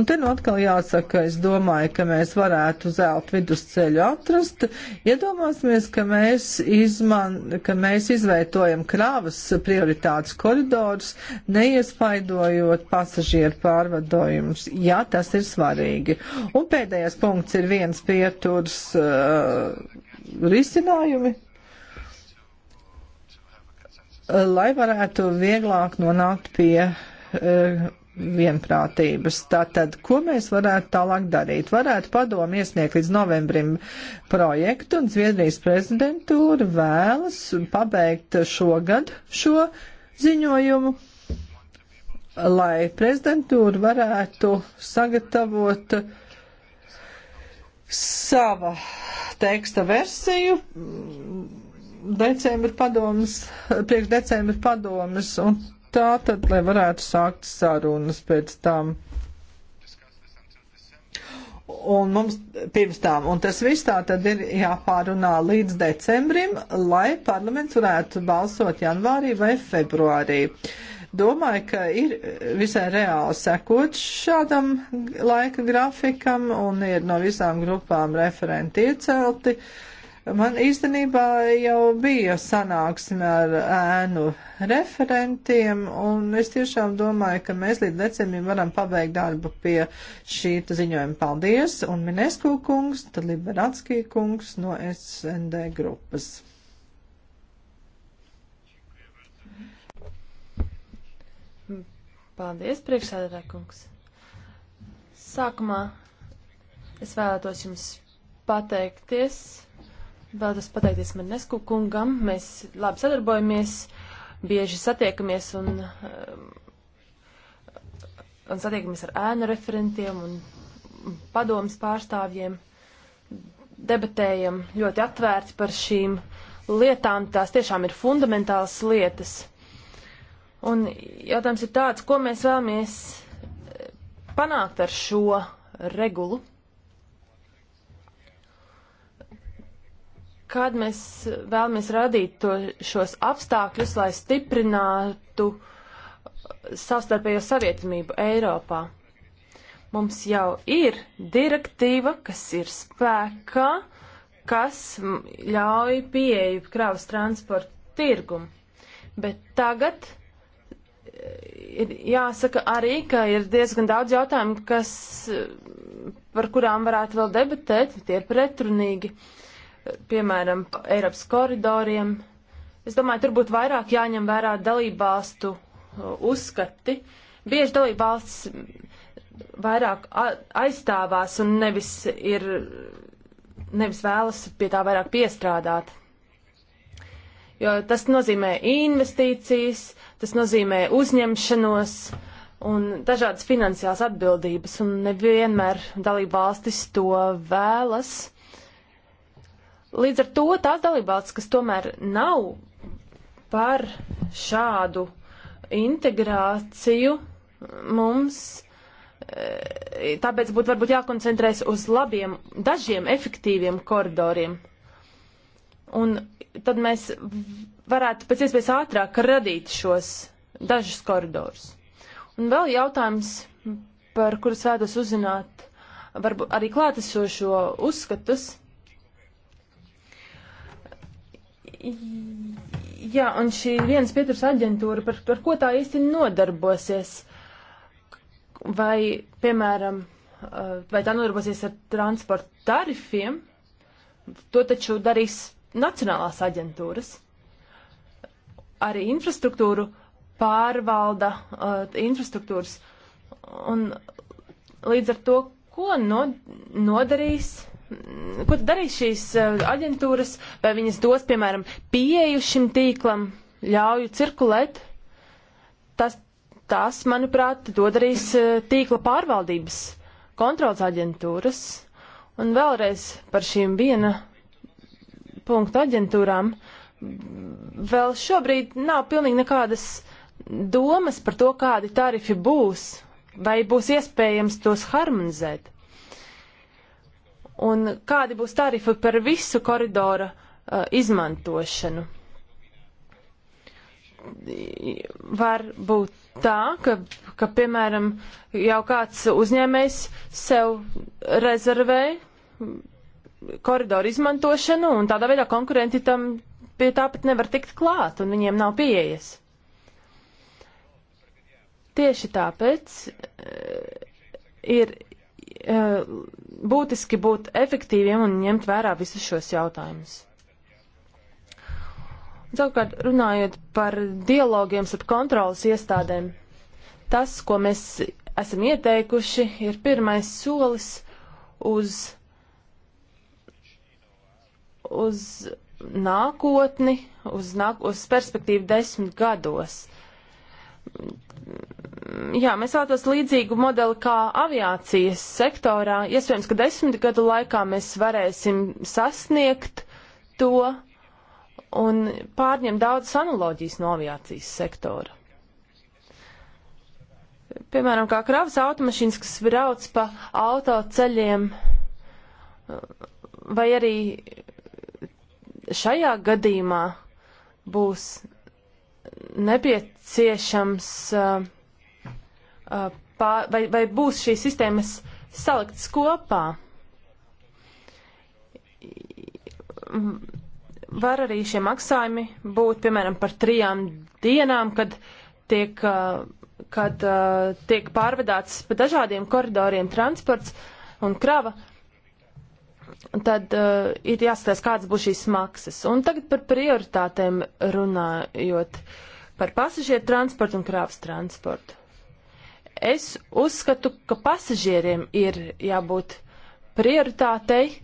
Un te nu atkal jāsaka, es domāju, ka mēs varētu zelta vidusceļu atrast. Iedomāsimies, ka mēs, izman, ka mēs izveitojam krāvas prioritātes koridors, neiespaidojot pasažieru pārvadojumus. Jā, tas ir svarīgi. Un pēdējais punkts ir viens pieturs uh, risinājumi lai varētu vieglāk nonākt pie uh, vienprātības. Tātad, ko mēs varētu tālāk darīt? Varētu padomu iesniegt līdz novembrim projektu, un Zviedrijas prezidentūra vēlas pabeigt šogad šo ziņojumu, lai prezidentūra varētu sagatavot sava teksta versiju decembra padomas, priekš decembra padomas, un tā tad, lai varētu sākt sarunas pēc tam. Un mums pirms tām, un tas viss tā tad ir jāpārunā līdz decembrim, lai parlaments varētu balsot janvārī vai februārī. Domāju, ka ir visai reāli sekot šādam laika grafikam, un ir no visām grupām referenti iecelti. Uh, Man īstenībā jau bija sanāksme ar ēnu referentiem, un es tiešām domāju, ka mēs līdz decembrim varam pabeigt darbu pie šī ziņojuma. Paldies! Un Minesku kungs, tad Liberatskī kungs no SND grupas. Paldies, priekšsēdētāj kungs! Sākumā es vēlētos jums pateikties Vēlos pateikties Manesku kungam. Mēs labi sadarbojamies, bieži satiekamies un, eh, un satiekamies ar ēnu referentiem un padomas pārstāvjiem. Debatējam ļoti atvērti par šīm lietām. Tās tiešām ir fundamentālas lietas. Un jautājums ir tāds, ko mēs vēlamies eh, panākt ar šo regulu. kad mēs vēlamies radīt to, šos apstākļus, lai stiprinātu savstarpējo savietamību Eiropā. Mums jau ir direktīva, kas ir spēkā, kas ļauj pieeju kravas transporta tirgumu. Bet tagad eh, ir jāsaka arī, ka ir diezgan daudz jautājumu, kas, eh, par kurām varētu vēl debatēt, tie ir pretrunīgi. Uh, piemēram, Eiropas koridoriem. Es domāju, tur būtu vairāk jāņem vērā dalībvalstu uh, uzskati. Bieži dalībvalsts vairāk aizstāvās un nevis, ir, nevis vēlas pie tā vairāk piestrādāt. Jo tas nozīmē investīcijas, tas nozīmē uzņemšanos un dažādas finansiālas atbildības, un nevienmēr dalībvalstis to vēlas. Līdz ar to tās dalībvalstis, kas tomēr nav par šādu integrāciju, mums e, tāpēc būtu varbūt jākoncentrēs uz labiem, dažiem efektīviem koridoriem. Un tad mēs varētu pēc iespējas ātrāk radīt šos dažus koridorus. Un vēl jautājums, par kurus vēlos uzzināt, varbūt arī klātesošo uzskatus. Jā, un šī viens pieturs aģentūra, par, par ko tā īsti nodarbosies? Vai, piemēram, uh, vai tā nodarbosies ar transporta tarifiem? To taču darīs nacionālās aģentūras. Arī infrastruktūru pārvalda uh, infrastruktūras. Un līdz ar to, ko no, nodarīs ko tad darīs šīs eh, aģentūras, vai viņas dos, piemēram, pieeju šim tīklam, ļauju cirkulēt? Tas, tas manuprāt, to darīs eh, tīkla pārvaldības kontrols aģentūras. Un vēlreiz par šīm viena punktu aģentūrām. Vēl šobrīd nav pilnīgi nekādas domas par to, kādi tarifi būs, vai būs iespējams tos harmonizēt un kādi būs tarifi par visu koridora uh, izmantošanu. Var būt tā, ka, ka piemēram, jau kāds uzņēmējs sev rezervē koridoru izmantošanu, un tādā veidā konkurenti tam pie tā pat nevar tikt klāt, un viņiem nav pieejas. Tieši tāpēc uh, ir Eh, būtiski būt efektīviem un ņemt vērā visus šos jautājumus. Savukārt, runājot par dialogiem starp kontrolas iestādēm, tas, ko mēs esam ieteikuši, ir pirmais solis uz, uz nākotni, uz, nāk, uz perspektīvu desmit gados jā, mēs vēlētos līdzīgu modeli kā aviācijas sektorā. Iespējams, ka desmit gadu laikā mēs varēsim sasniegt to un pārņemt daudzas analoģijas no aviācijas sektora. Piemēram, kā kravas automašīnas, kas brauc pa autoceļiem, vai arī šajā gadījumā būs nepieciešams uh, uh, pār, vai, vai būs šīs sistēmas saliktas kopā. Var arī šie maksājumi būt, piemēram, par trijām dienām, kad tiek, uh, kad, uh, tiek pārvedāts pa dažādiem koridoriem transports un krava, tad uh, ir jāskatās, kādas būs šīs maksas. Un tagad par prioritātēm runājot par pasažieru transportu un krāvas transportu. Es uzskatu, ka pasažieriem ir jābūt prioritātei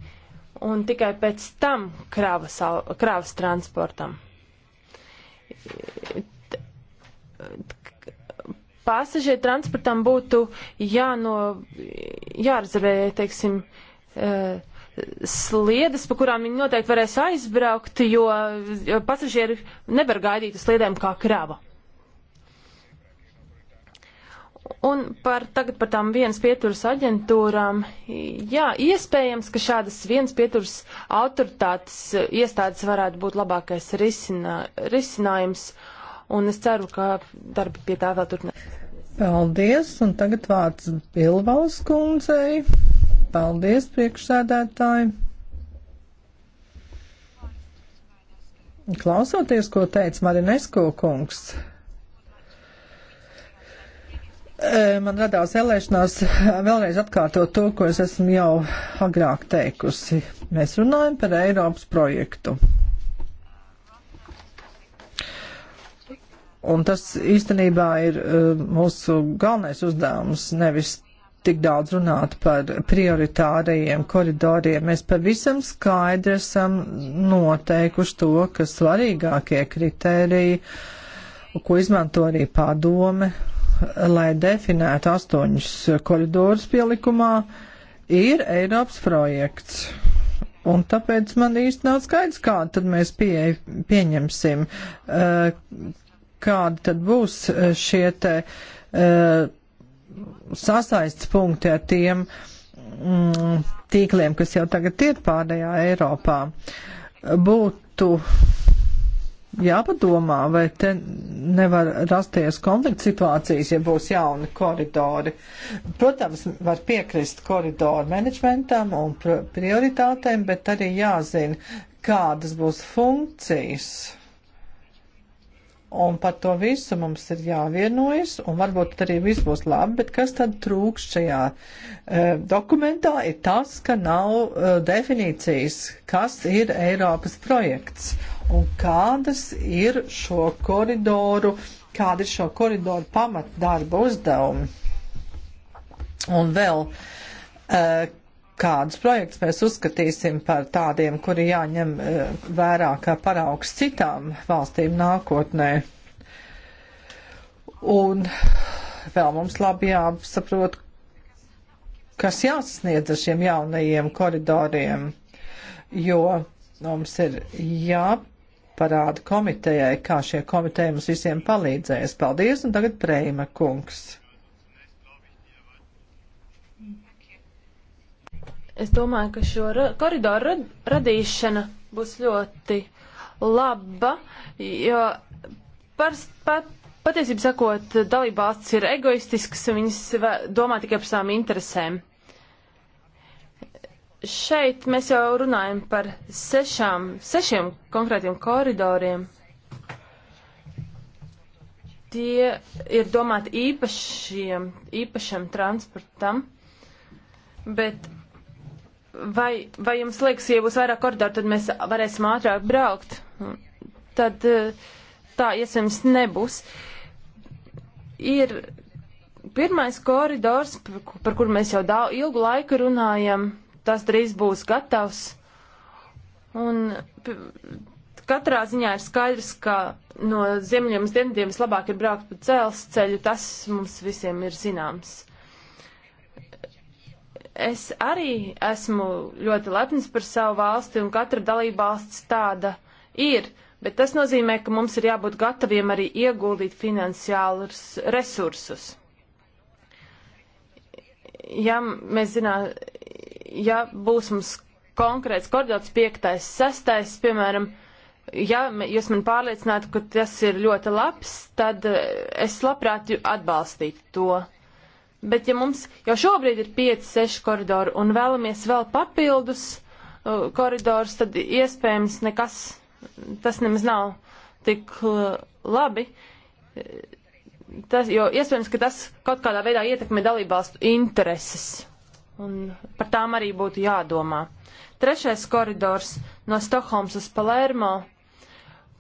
un tikai pēc tam krāvas, krāvas transportam. Pasažieru transportam būtu jāno, jārezervē, teiksim, uh, sliedes, pa kurām viņi noteikti varēs aizbraukt, jo pasažieri nevar gaidīt uz sliedēm kā krava. Un par, tagad par tām vienas pieturas aģentūrām. Jā, iespējams, ka šādas vienas pieturas autoritātes iestādes varētu būt labākais risinā, risinājums, un es ceru, ka darbi pie tā vēl turpinās. Paldies, un tagad vārds Bilbaus kundzei. Paldies, priekšsēdētāji! Klausoties, ko teica Marinesko kungs, e, man radās vēlēšanās vēlreiz atkārtot to, ko es esmu jau agrāk teikusi. Mēs runājam par Eiropas projektu. Un tas īstenībā ir e, mūsu galvenais uzdevums, nevis tik daudz runāt par prioritārajiem koridoriem. Mēs pavisam skaidri esam noteikuši to, ka svarīgākie kriteriji, ko izmanto arī padome, lai definētu astoņus koridorus pielikumā, ir Eiropas projekts. Un tāpēc man īsti nav skaidrs, kā tad mēs pie, pieņemsim, eh, kādi tad būs eh, šie te eh, sasaists punkti ar tiem mm, tīkliem, kas jau tagad ir pārējā Eiropā. Būtu jāpadomā, vai te nevar rasties konflikts situācijas, ja būs jauni koridori. Protams, var piekrist koridoru menedžmentam un prioritātēm, bet arī jāzina, kādas būs funkcijas Un par to visu mums ir jāvienojas, un varbūt arī viss būs labi, bet kas tad trūks šajā e, dokumentā ir tas, ka nav e, definīcijas, kas ir Eiropas projekts un kādas ir šo koridoru, kāda ir šo koridoru pamatdarba uzdevumi. Un vēl, e, kādus projektus mēs uzskatīsim par tādiem, kuri jāņem e, vērā kā paraugs citām valstīm nākotnē. Un vēl mums labi jāsaprot, kas jāsasniedz ar šiem jaunajiem koridoriem, jo mums ir jāparāda komitejai, kā šie komiteji mums visiem palīdzēs. Paldies, un tagad Preima kungs. Es domāju, ka šo ra koridoru rad radīšana būs ļoti laba, jo par, pat, patiesībā sakot, dalībvalstis ir egoistiskas un viņas domā tikai par savām interesēm. Šeit mēs jau runājam par sešām, sešiem konkrētiem koridoriem. Tie ir domāti īpašiem, īpašam transportam, bet vai, vai jums liekas, ja būs vairāk koridoru, tad mēs varēsim ātrāk braukt? Tad eh, tā iespējams nebūs. Ir pirmais koridors, par, par kur mēs jau daudz, ilgu laiku runājam, tas drīz būs gatavs. Un katrā ziņā ir skaidrs, ka no ziemeļiem uz dienvidiem vislabāk ir braukt pa dzelzceļu, tas mums visiem ir zināms es arī esmu ļoti lepns par savu valsti, un katra dalībvalsts tāda ir. Bet tas nozīmē, ka mums ir jābūt gataviem arī ieguldīt finansiālus resursus. Ja mēs zinām, ja būs mums konkrēts koordināts piektais, sestais, piemēram, ja jūs man pārliecinātu, ka tas ir ļoti labs, tad eh, es labprāt atbalstītu to. Bet ja mums jau šobrīd ir 5-6 koridori un vēlamies vēl papildus uh, koridors, tad iespējams nekas, tas nemaz nav tik uh, labi. Tas, jo iespējams, ka tas kaut kādā veidā ietekmē dalībvalstu intereses. Un par tām arī būtu jādomā. Trešais koridors no Stokholmas uz Palermo,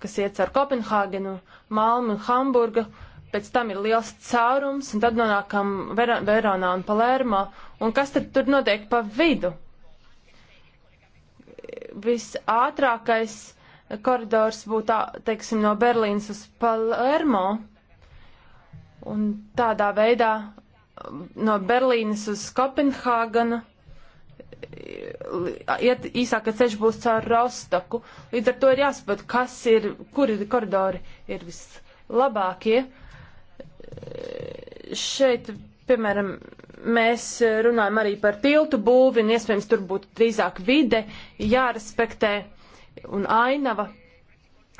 kas iet caur Kopenhāgenu, Malmu un Hamburgu pēc tam ir liels caurums, un tad nonākam Ver Veronā un Palērmā. Un kas tad tur notiek pa vidu? Visātrākais koridors būtu, teiksim, no Berlīnas uz Palermo. Un tādā veidā no Berlīnas uz Kopenhāganu iet īsāka ceļš būs caur Rostoku. Līdz ar to ir jāsaprot, kas ir, kuri koridori ir vislabākie šeit, piemēram, mēs runājam arī par tiltu būvi, un iespējams tur būtu drīzāk vide jārespektē un ainava.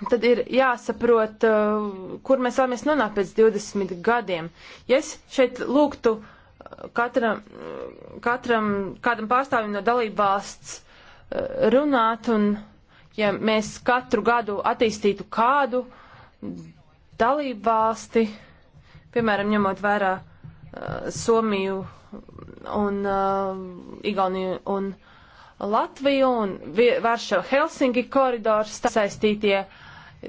Tad ir jāsaprot, uh, kur mēs vēlamies nonākt pēc 20 gadiem. Ja es šeit lūgtu uh, katram, katram kādam pārstāvim no dalību valsts uh, runāt, un ja mēs katru gadu attīstītu kādu dalību valsti, Piemēram, ņemot vērā uh, Somiju un uh, Igauniju un Latviju un Varšava Helsinki koridors saistītie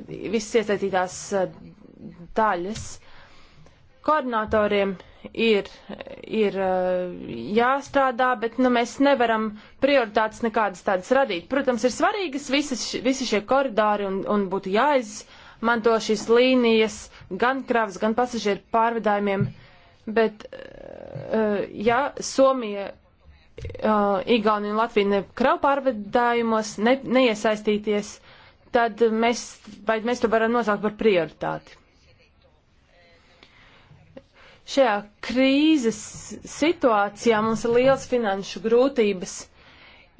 visas iesaistītās uh, daļas. Koordinatoriem ir, ir uh, jāstrādā, bet nu, mēs nevaram prioritātes nekādas tādas radīt. Protams, ir svarīgas visas, visi šie koridori un, un būtu jāiz, manto šīs līnijas gan kravas, gan pasažieru pārvadājumiem. Bet, eh, eh, ja Somija, eh, Igaunija un Latvija ne kravu pārvadājumos ne, neiesaistīties, tad mēs, vai mēs to varam nosaukt par prioritāti. Šajā krīzes situācijā mums ir liels finanšu grūtības.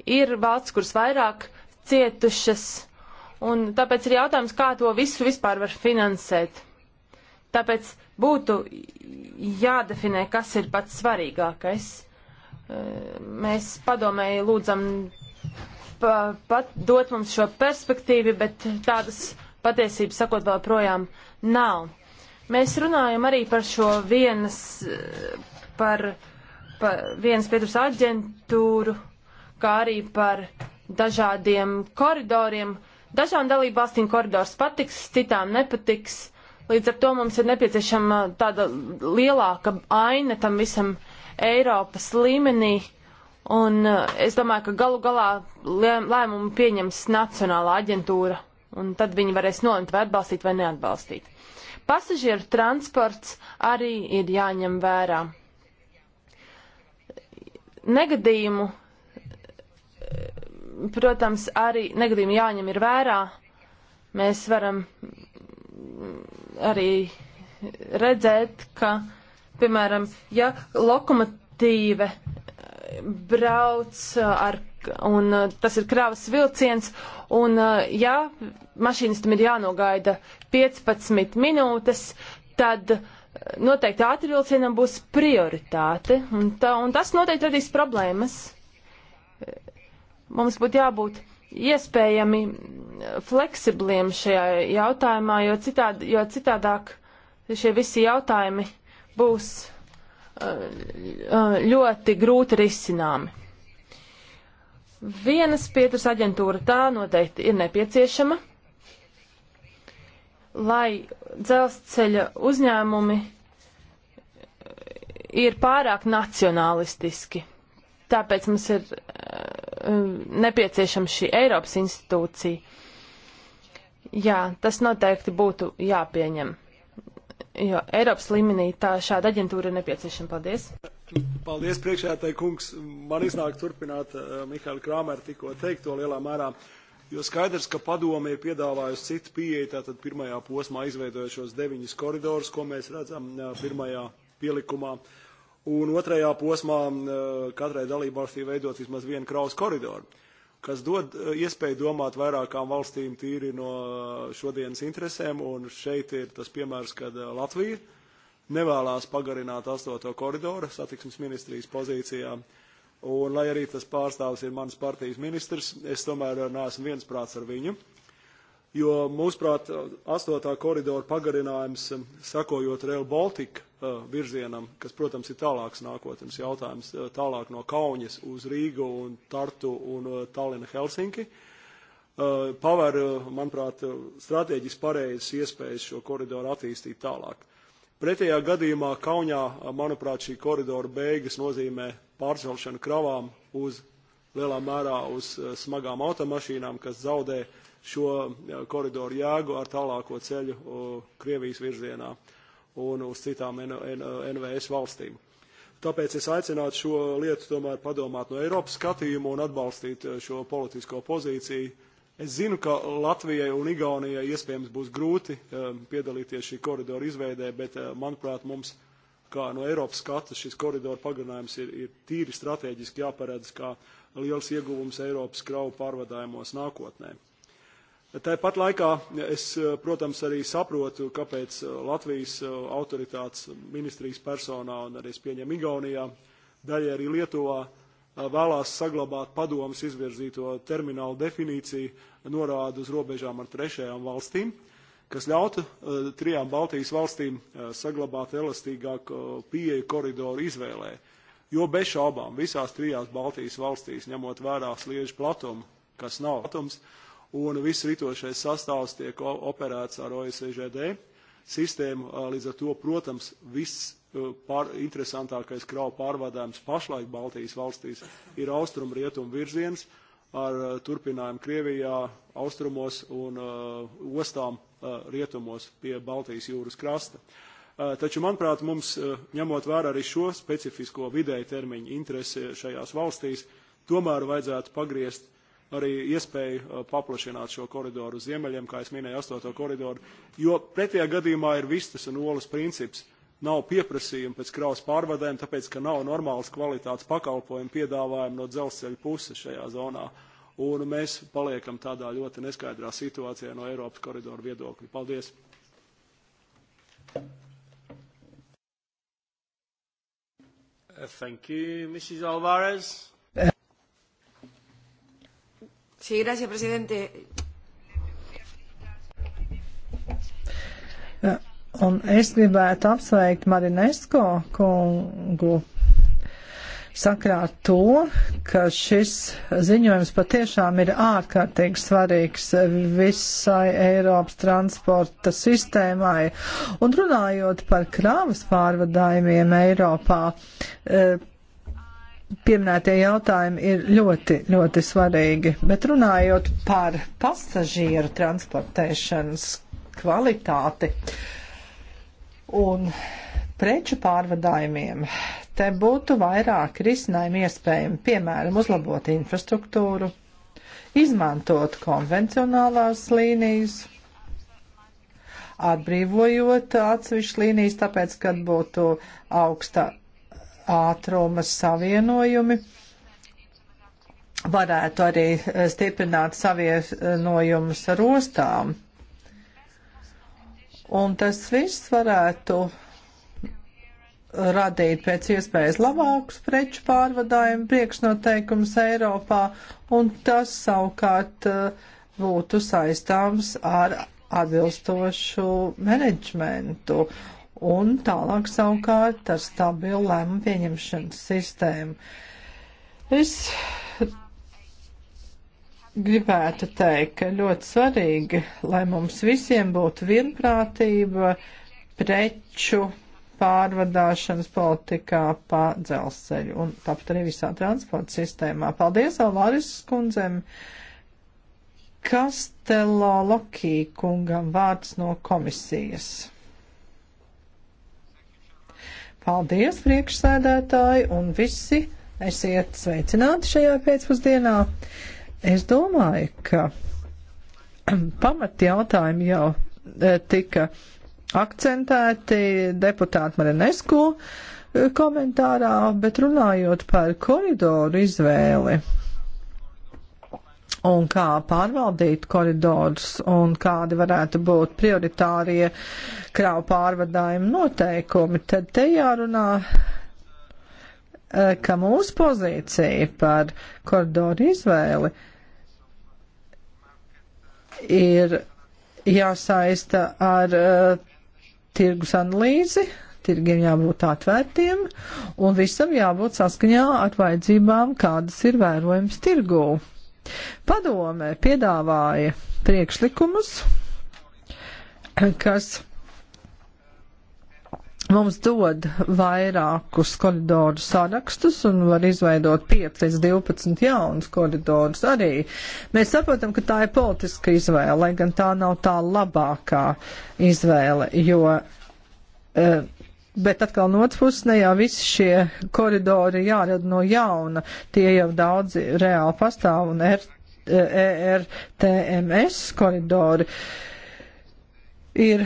Ir valsts, kuras vairāk cietušas Un tāpēc ir jautājums, kā to visu vispār var finansēt. Tāpēc būtu jādefinē, kas ir pats svarīgākais. Mēs padomēji lūdzam pa, pat dot mums šo perspektīvu, bet tādas patiesības sakot vēl projām nav. Mēs runājam arī par šo vienas, par, par vienas pieturas aģentūru, kā arī par dažādiem koridoriem, uh, Dažām dalību valstīm koridors patiks, citām nepatiks. Līdz ar to mums ir nepieciešama tāda lielāka aina tam visam Eiropas līmenī. Un eh, es domāju, ka galu galā lēmumu pieņems Nacionālā aģentūra, un tad viņi varēs nolemt, vai atbalstīt vai neatbalstīt. Pasažieru transports arī ir jāņem vērā. Negadījumu protams, arī negadījumi jāņem ir vērā. Mēs varam arī redzēt, ka, piemēram, ja lokomotīve brauc ar, un uh, tas ir kravas vilciens, un uh, ja mašīnistam ir jānogaida 15 minūtes, tad uh, noteikti ātrvilcienam būs prioritāte, un, tā, un tas noteikti radīs problēmas Mums būtu jābūt iespējami fleksibliem šajā jautājumā, jo, citād, jo citādāk šie visi jautājumi būs uh, uh, ļoti grūti risināmi. Vienas pieturas aģentūra tā noteikti ir nepieciešama, lai dzelzceļa uzņēmumi ir pārāk nacionalistiski. Tāpēc mums ir Um, nepieciešama šī Eiropas institūcija. Jā, tas noteikti būtu jāpieņem. Jo Eiropas līmenī tā šāda aģentūra ir nepieciešama. Paldies! Paldies, priekšētāji kungs! Man iznāk turpināt uh, eh, Mihāļa Krāmera tikko teikto lielā mērā, jo skaidrs, ka padome ir piedāvājusi citu pieeju, tātad pirmajā posmā izveidojušos deviņus koridorus, ko mēs redzam uh, pirmajā pielikumā. Uh, Un otrajā posmā e, katrai dalībvalstī veidot vismaz vienu kraus koridoru, kas dod e, iespēju domāt vairākām valstīm tīri no e, šodienas interesēm. Un šeit ir tas piemērs, kad Latvija nevēlās pagarināt astoto koridoru satiksmes ministrijas pozīcijā. Un, lai arī tas pārstāvs ir mans partijas ministrs, es tomēr neesmu viensprāts ar viņu. Jo, mūsuprāt, astotā koridora pagarinājums, sakojot Rail Baltica virzienam, kas, protams, ir tālāks nākotnes jautājums, tālāk no Kaunas uz Rīgu un Tartu un Tallina Helsinki. Paver, manuprāt, strateģiski pareizes iespējas šo koridoru attīstīt tālāk. Pretējā gadījumā Kaunijā, manuprāt, šī koridora beigas nozīmē pārcelšanu kravām uz lielā mērā uz smagām automašīnām, kas zaudē šo koridoru jēgu ar tālāko ceļu Krievijas virzienā. Uh, un uz citām N, N, NVS valstīm. Tāpēc es aicinātu šo lietu tomēr padomāt no Eiropas skatījuma un atbalstīt eh, šo politisko pozīciju. Es zinu, ka Latvijai un Igaunijai iespējams būs grūti um, piedalīties šī koridora izveidē, bet, uh, manuprāt, mums, kā no Eiropas skata, šis koridora pagarinājums ir, ir tīri strateģiski jāparedz kā liels ieguvums Eiropas kravu pārvadājumos nākotnē. Uh, Tāpat laikā es, eh, protams, arī saprotu, kāpēc eh, Latvijas eh, autoritātes ministrijas personā un arī es pieņemu Igaunijā, daļai arī Lietuvā vēlās saglabāt padomus izvirzīto terminālu definīciju, norādu uz robežām ar trešajām valstīm, kas ļautu trijām Baltijas valstīm saglabāt elastīgāku pieeju koridoru izvēlē. Jo bez šaubām visās trijās Baltijas valstīs, ņemot vērā sliežu platumu, kas nav platums, uh, un viss ritošais sastāvs tiek operēts ar OSVŽD sistēmu. Līdz ar to, protams, viss pār, interesantākais kravu pārvadājums pašlaik Baltijas valstīs ir austrumu-rietumu virziens ar turpinājumu Krievijā, austrumos un uh, ostām uh, rietumos pie Baltijas jūras krasta. Uh, taču, manuprāt, mums, ņemot vērā arī šo specifisko vidēja termiņu interesi šajās valstīs, tomēr vajadzētu pagriezt uh, arī iespēju uh, paplašināt šo koridoru uz ziemeļiem, kā es minēju, astoto koridoru, jo pretējā gadījumā ir vistas un olas princips. Nav pieprasījuma pēc kravas pārvadēm, tāpēc, ka nav normālas kvalitātes pakalpojumu piedāvājumu no dzelzceļa puses šajā zonā. Un mēs paliekam tādā ļoti neskaidrā situācijā no Eiropas koridoru viedokļa. Paldies! Uh, thank you, Mrs. Alvarez. Sí, gracias, presidente. Uh, un es gribētu apsveikt Marinesko kungu sakrā to, ka šis ziņojums patiešām ir ārkārtīgi svarīgs visai Eiropas transporta sistēmai. Un runājot par krāvas pārvadājumiem Eiropā, uh, pieminētie jautājumi ir ļoti, ļoti svarīgi. Bet runājot par pasažieru transportēšanas kvalitāti un preču pārvadājumiem, te būtu vairāk risinājumu iespējami, piemēram, uzlabot infrastruktūru, izmantot konvencionālās līnijas, atbrīvojot atsevišķas līnijas, tāpēc, kad būtu augsta ātruma savienojumi. Varētu arī eh, stiprināt savienojumus ar ostām. Un tas viss varētu radīt pēc iespējas labākus preču pārvadājumu priekšnoteikumus Eiropā, un tas savukārt eh, būtu saistāms ar atbilstošu menedžmentu un tālāk savukārt ar stabilu lēmumu pieņemšanas sistēmu. Es gribētu teikt, ka ļoti svarīgi, lai mums visiem būtu vienprātība preču pārvadāšanas politikā pa dzelzceļu un tāpat arī visā transporta sistēmā. Paldies Alvaris skundzem, Kastelo Lokī kungam vārds no komisijas. Paldies, priekšsēdētāji un visi! Esiet sveicināti šajā pēcpusdienā. Es domāju, ka (clears throat) pamat jautājumi jau e, tika akcentēti deputāta Marinesku e, komentārā, bet runājot par koridoru izvēli un kā pārvaldīt koridors un kādi varētu būt prioritārie kravu pārvadājuma noteikumi, tad te jārunā, eh, ka mūsu pozīcija par koridoru izvēli ir jāsaista ar uh, tirgus analīzi, tirgiem jābūt atvērtiem un visam jābūt saskaņā ar vajadzībām, kādas ir vērojams tirgū. Padome piedāvāja priekšlikumus, kas mums dod vairākus koridoru sarakstus un var izveidot 5 līdz 12 jaunus koridorus arī. Mēs saprotam, ka tā ir politiska izvēle, lai gan tā nav tā labākā izvēle, jo eh, Bet atkal no otras puses, ne jau visi šie koridori jārada no jauna, tie jau daudzi reāli pastāv un ERTMS koridori ir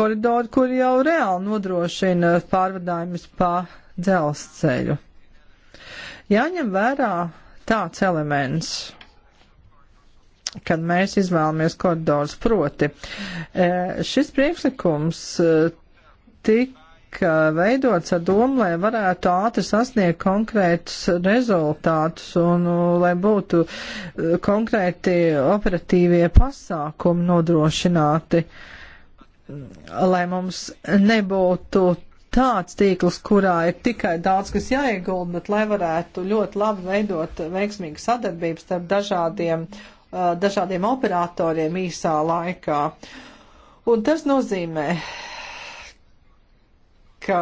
koridori, kur jau reāli nodrošina pārvadājumus pa dzelzceļu. Jāņem vērā tāds elements kad mēs izvēlamies koridors. Proti, e, šis priekšlikums tika veidots ar domu, lai varētu ātri sasniegt konkrētus rezultātus un uh, lai būtu uh, konkrēti operatīvie pasākumi nodrošināti, lai mums nebūtu tāds tīkls, kurā ir tikai daudz kas jāiegulda, bet lai varētu ļoti labi veidot veiksmīgu sadarbību starp dažādiem, uh, dažādiem operatoriem īsā laikā. Un tas nozīmē ka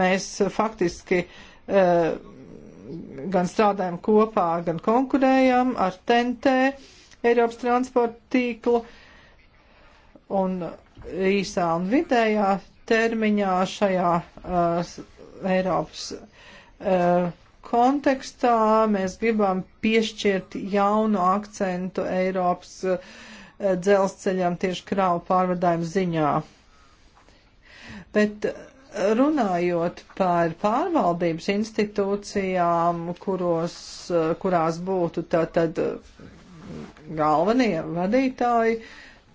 mēs faktiski eh, gan strādājam kopā, gan konkurējam ar TNT Eiropas transporta tīklu un īsā un vidējā termiņā šajā uh, Eiropas uh, kontekstā mēs gribam piešķirt jaunu akcentu Eiropas uh, dzelzceļam tieši kravu pārvadājumu ziņā. Bet runājot par pārvaldības institūcijām, kuros, kurās būtu tātad galvenie vadītāji,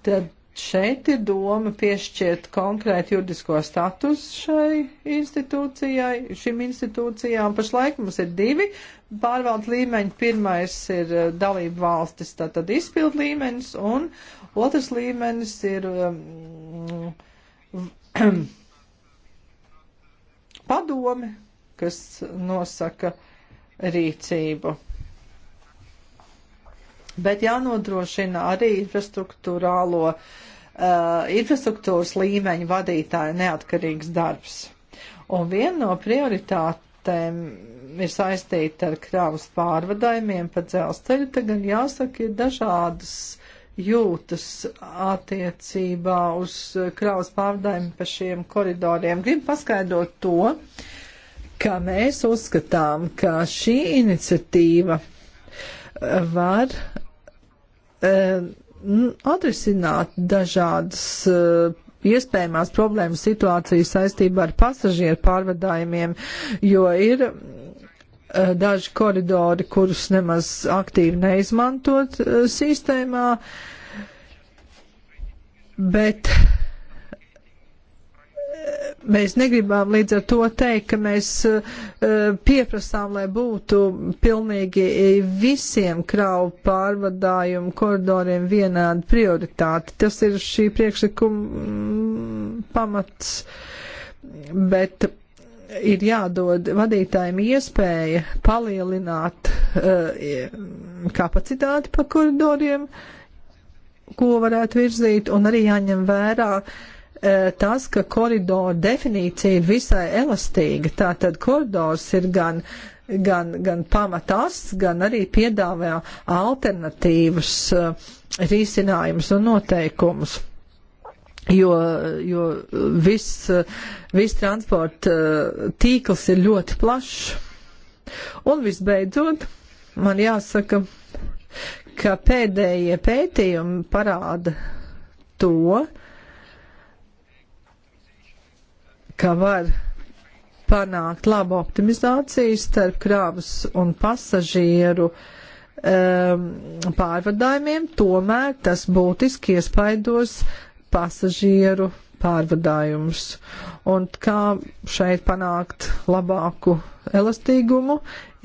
tad šeit ir doma piešķirt konkrētu juridisko statusu šai institūcijai, šim institūcijām. Pašlaik mums ir divi pārvaldes līmeņi. Pirmais ir eh, dalība valstis, tātad izpild līmenis, un otrs līmenis ir um, (clears throat) padomi, kas nosaka rīcību. Bet jānodrošina arī infrastruktūrālo, uh, infrastruktūras līmeņu vadītāju neatkarīgs darbs. Un viena no prioritātēm ir saistīta ar krāvas pārvadājumiem pa dzelzceļu, tagad jāsaka, ir dažādas jūtas attiecībā uz kravas pārdēmu pa šiem koridoriem. Gribu paskaidrot to, ka mēs uzskatām, ka šī iniciatīva var eh, atrisināt dažādas eh, iespējamās problēmas situācijas saistībā ar pasažieru pārvadājumiem, jo ir Eh, daži koridori, kurus nemaz aktīvi neizmantot eh, sistēmā, bet eh, mēs negribam līdz ar to teikt, ka mēs pieprasām, lai būtu pilnīgi visiem kravu pārvadājumu koridoriem vienāda prioritāte. Tas ir šī priekšlikuma mm, pamats, bet ir jādod vadītājiem iespēja palielināt eh, kapacitāti pa koridoriem, ko varētu virzīt, un arī jāņem vērā eh, tas, ka koridoru definīcija ir visai elastīga. Tātad koridors ir gan, gan, gan pamatas, gan arī piedāvā alternatīvas eh, risinājumus un noteikumus jo, jo viss vis transporta eh, tīkls ir ļoti plašs. Un visbeidzot, man jāsaka, ka pēdējie pētījumi parāda to, ka var panākt labu optimizāciju starp krāvas un pasažieru um, pārvadājumiem, tomēr tas būtiski iespaidos pasažieru pārvadājumus un kā šeit panākt labāku elastīgumu,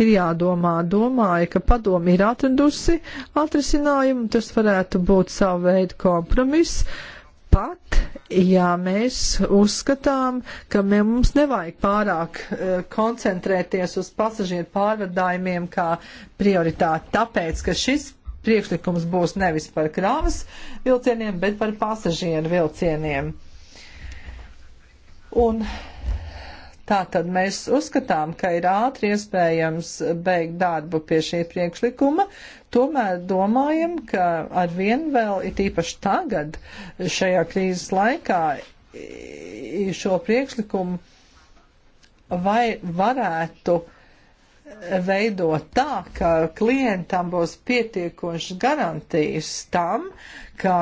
ir jādomā. Domāju, ka padomi ir atradusi atrisinājumu, tas varētu būt savu veidu kompromiss. Pat, ja mēs uzskatām, ka mums nevajag pārāk uh, koncentrēties uz pasažieru pārvadājumiem kā prioritāti, tāpēc, ka šis priekšlikums būs nevis par krāvas vilcieniem, bet par pasažieru vilcieniem. Un tā tad mēs uzskatām, ka ir ātri iespējams beigt darbu pie šī priekšlikuma, tomēr domājam, ka ar vien vēl ir īpaši tagad šajā krīzes laikā šo priekšlikumu vai varētu veidot tā, ka klientam būs pietiekošas garantijas tam, ka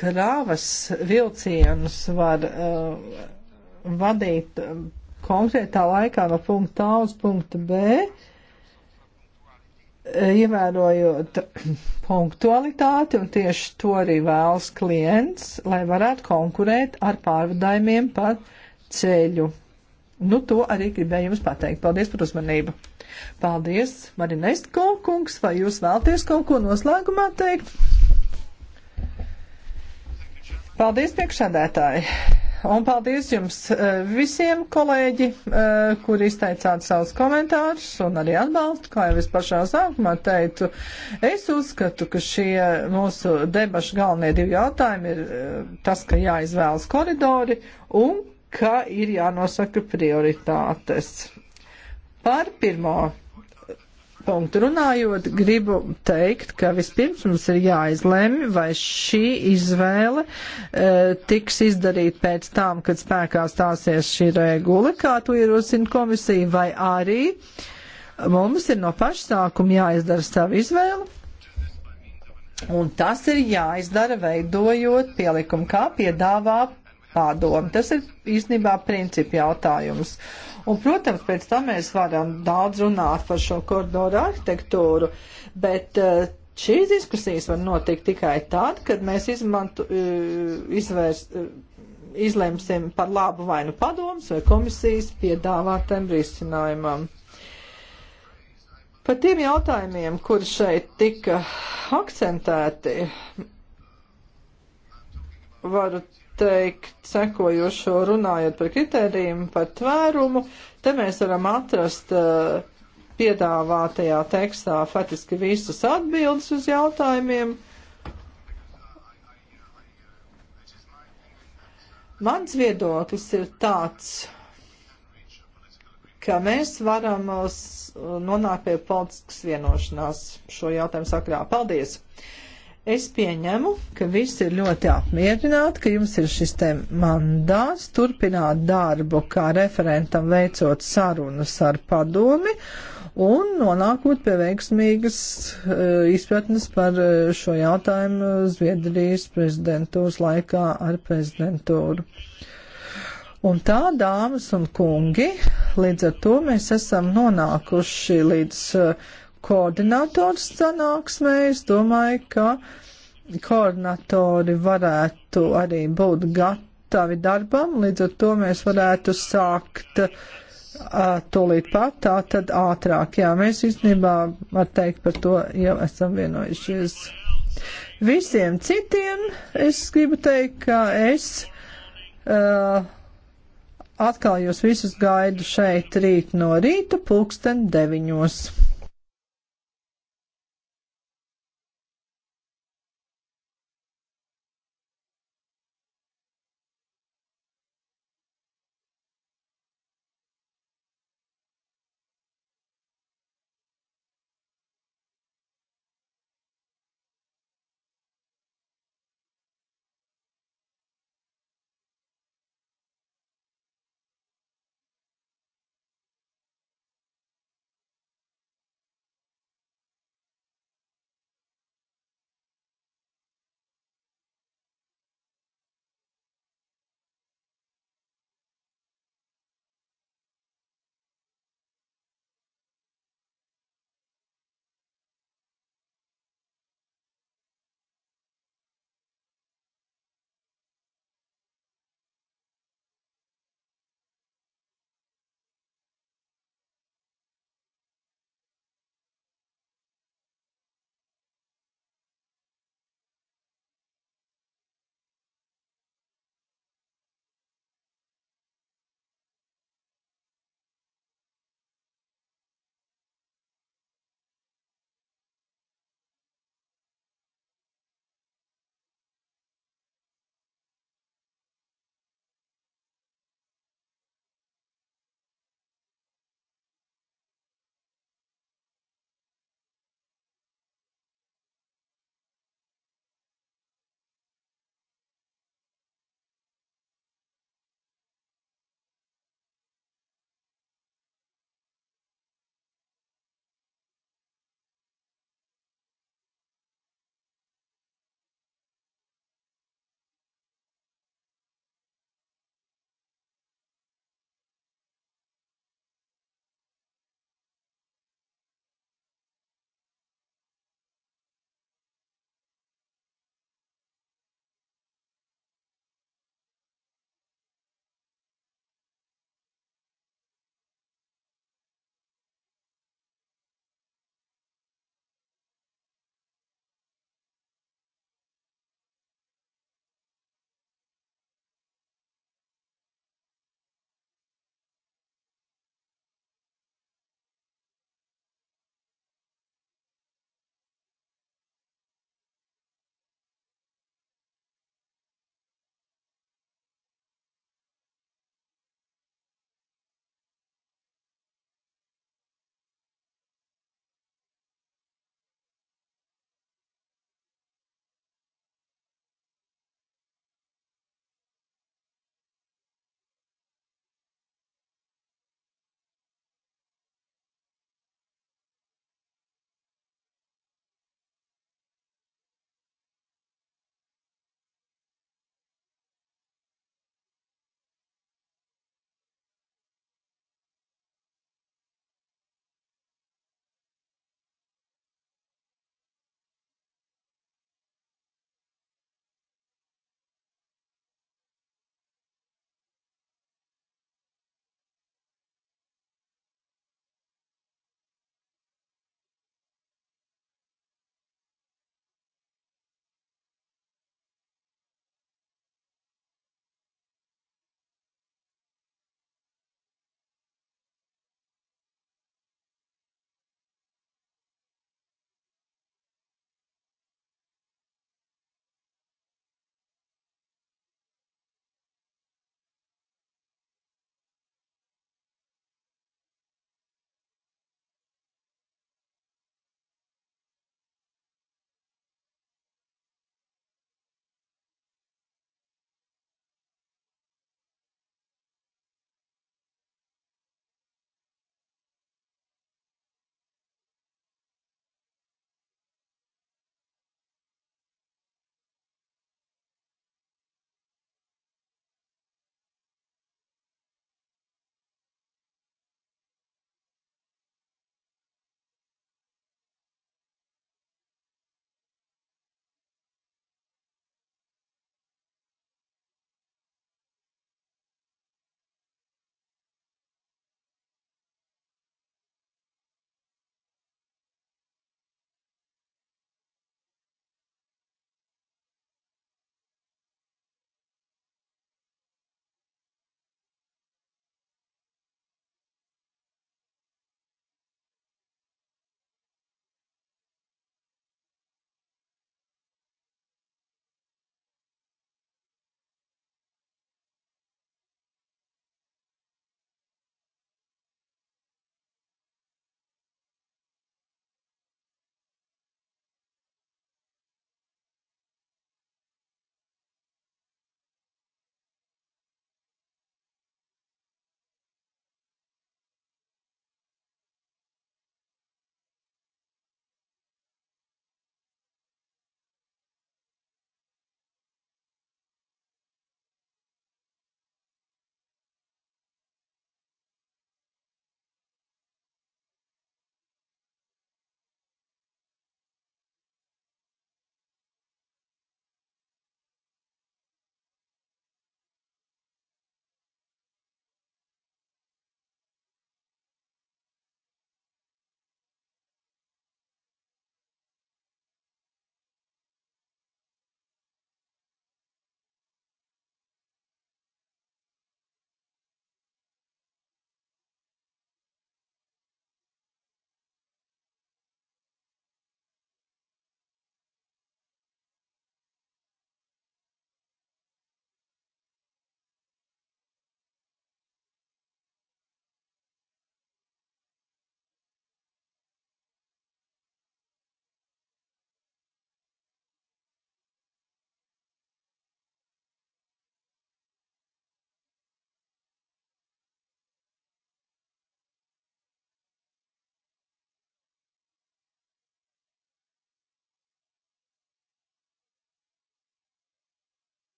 krāvas vilcienus var uh, vadīt uh, konkrētā laikā no punkta A uz punktu B, uh, ievērojot (clears throat) punktualitāti, un tieši to arī vēlas klients, lai varētu konkurēt ar pārvadājumiem pa ceļu. Nu, to arī gribēju jums pateikt. Paldies par uzmanību! Paldies, Marinesko kungs, vai jūs vēlties kaut ko noslēgumā teikt? Paldies, priekšsēdētāji! Un paldies jums eh, visiem kolēģi, eh, kur izteicāt savus komentārus un arī atbalstu, kā jau es pašā sākumā teicu. Es uzskatu, ka šie mūsu debašu galvenie divi jautājumi ir eh, tas, ka jāizvēlas koridori un ka ir jānosaka prioritātes. Par pirmo punktu runājot, gribu teikt, ka vispirms mums ir jāizlemj, vai šī izvēle e, tiks izdarīta pēc tam, kad spēkā stāsies šī regula, kā to ierosina komisija, vai arī mums ir no pašsākuma jāizdara savu izvēlu. Un tas ir jāizdara veidojot pielikumu, kā piedāvā padomu. Tas ir īstenībā principi jautājums. Un, protams, pēc tam mēs varam daudz runāt par šo koridoru arhitektūru, bet eh, šīs diskusijas var notikt tikai tad, kad mēs izmantu, eh, izvērs, eh, izlemsim par labu vai nu padomus vai komisijas piedāvātam risinājumam. Par tiem jautājumiem, kur šeit tika akcentēti, varu teikt sekojošo runājot par kritērijiem, par tvērumu. Te mēs varam atrast uh, piedāvātajā tekstā faktiski visus atbildes uz jautājumiem. Mans viedoklis ir tāds, ka mēs varam eh, nonākt pie politiskas vienošanās šo jautājumu sakrā. Paldies! Uh, Es pieņemu, ka visi ir ļoti apmierināti, ka jums ir šis te mandāts turpināt darbu kā referentam veicot sarunas ar padomi un nonākot pie veiksmīgas uh, izpratnes par uh, šo jautājumu Zviedrijas prezidentūras laikā ar prezidentūru. Un tā, dāmas un kungi, līdz ar to mēs esam nonākuši līdz uh, koordinators sanāksmē. Es domāju, ka koordinatori varētu arī būt gatavi darbam, līdz ar to mēs varētu sākt uh, tūlīt pat, tā tad ātrāk. Jā, mēs īstenībā, var teikt, par to jau esam vienojušies. Visiem citiem es gribu teikt, ka es uh, atkal jūs visus gaidu šeit rīt no rīta pulksten deviņos.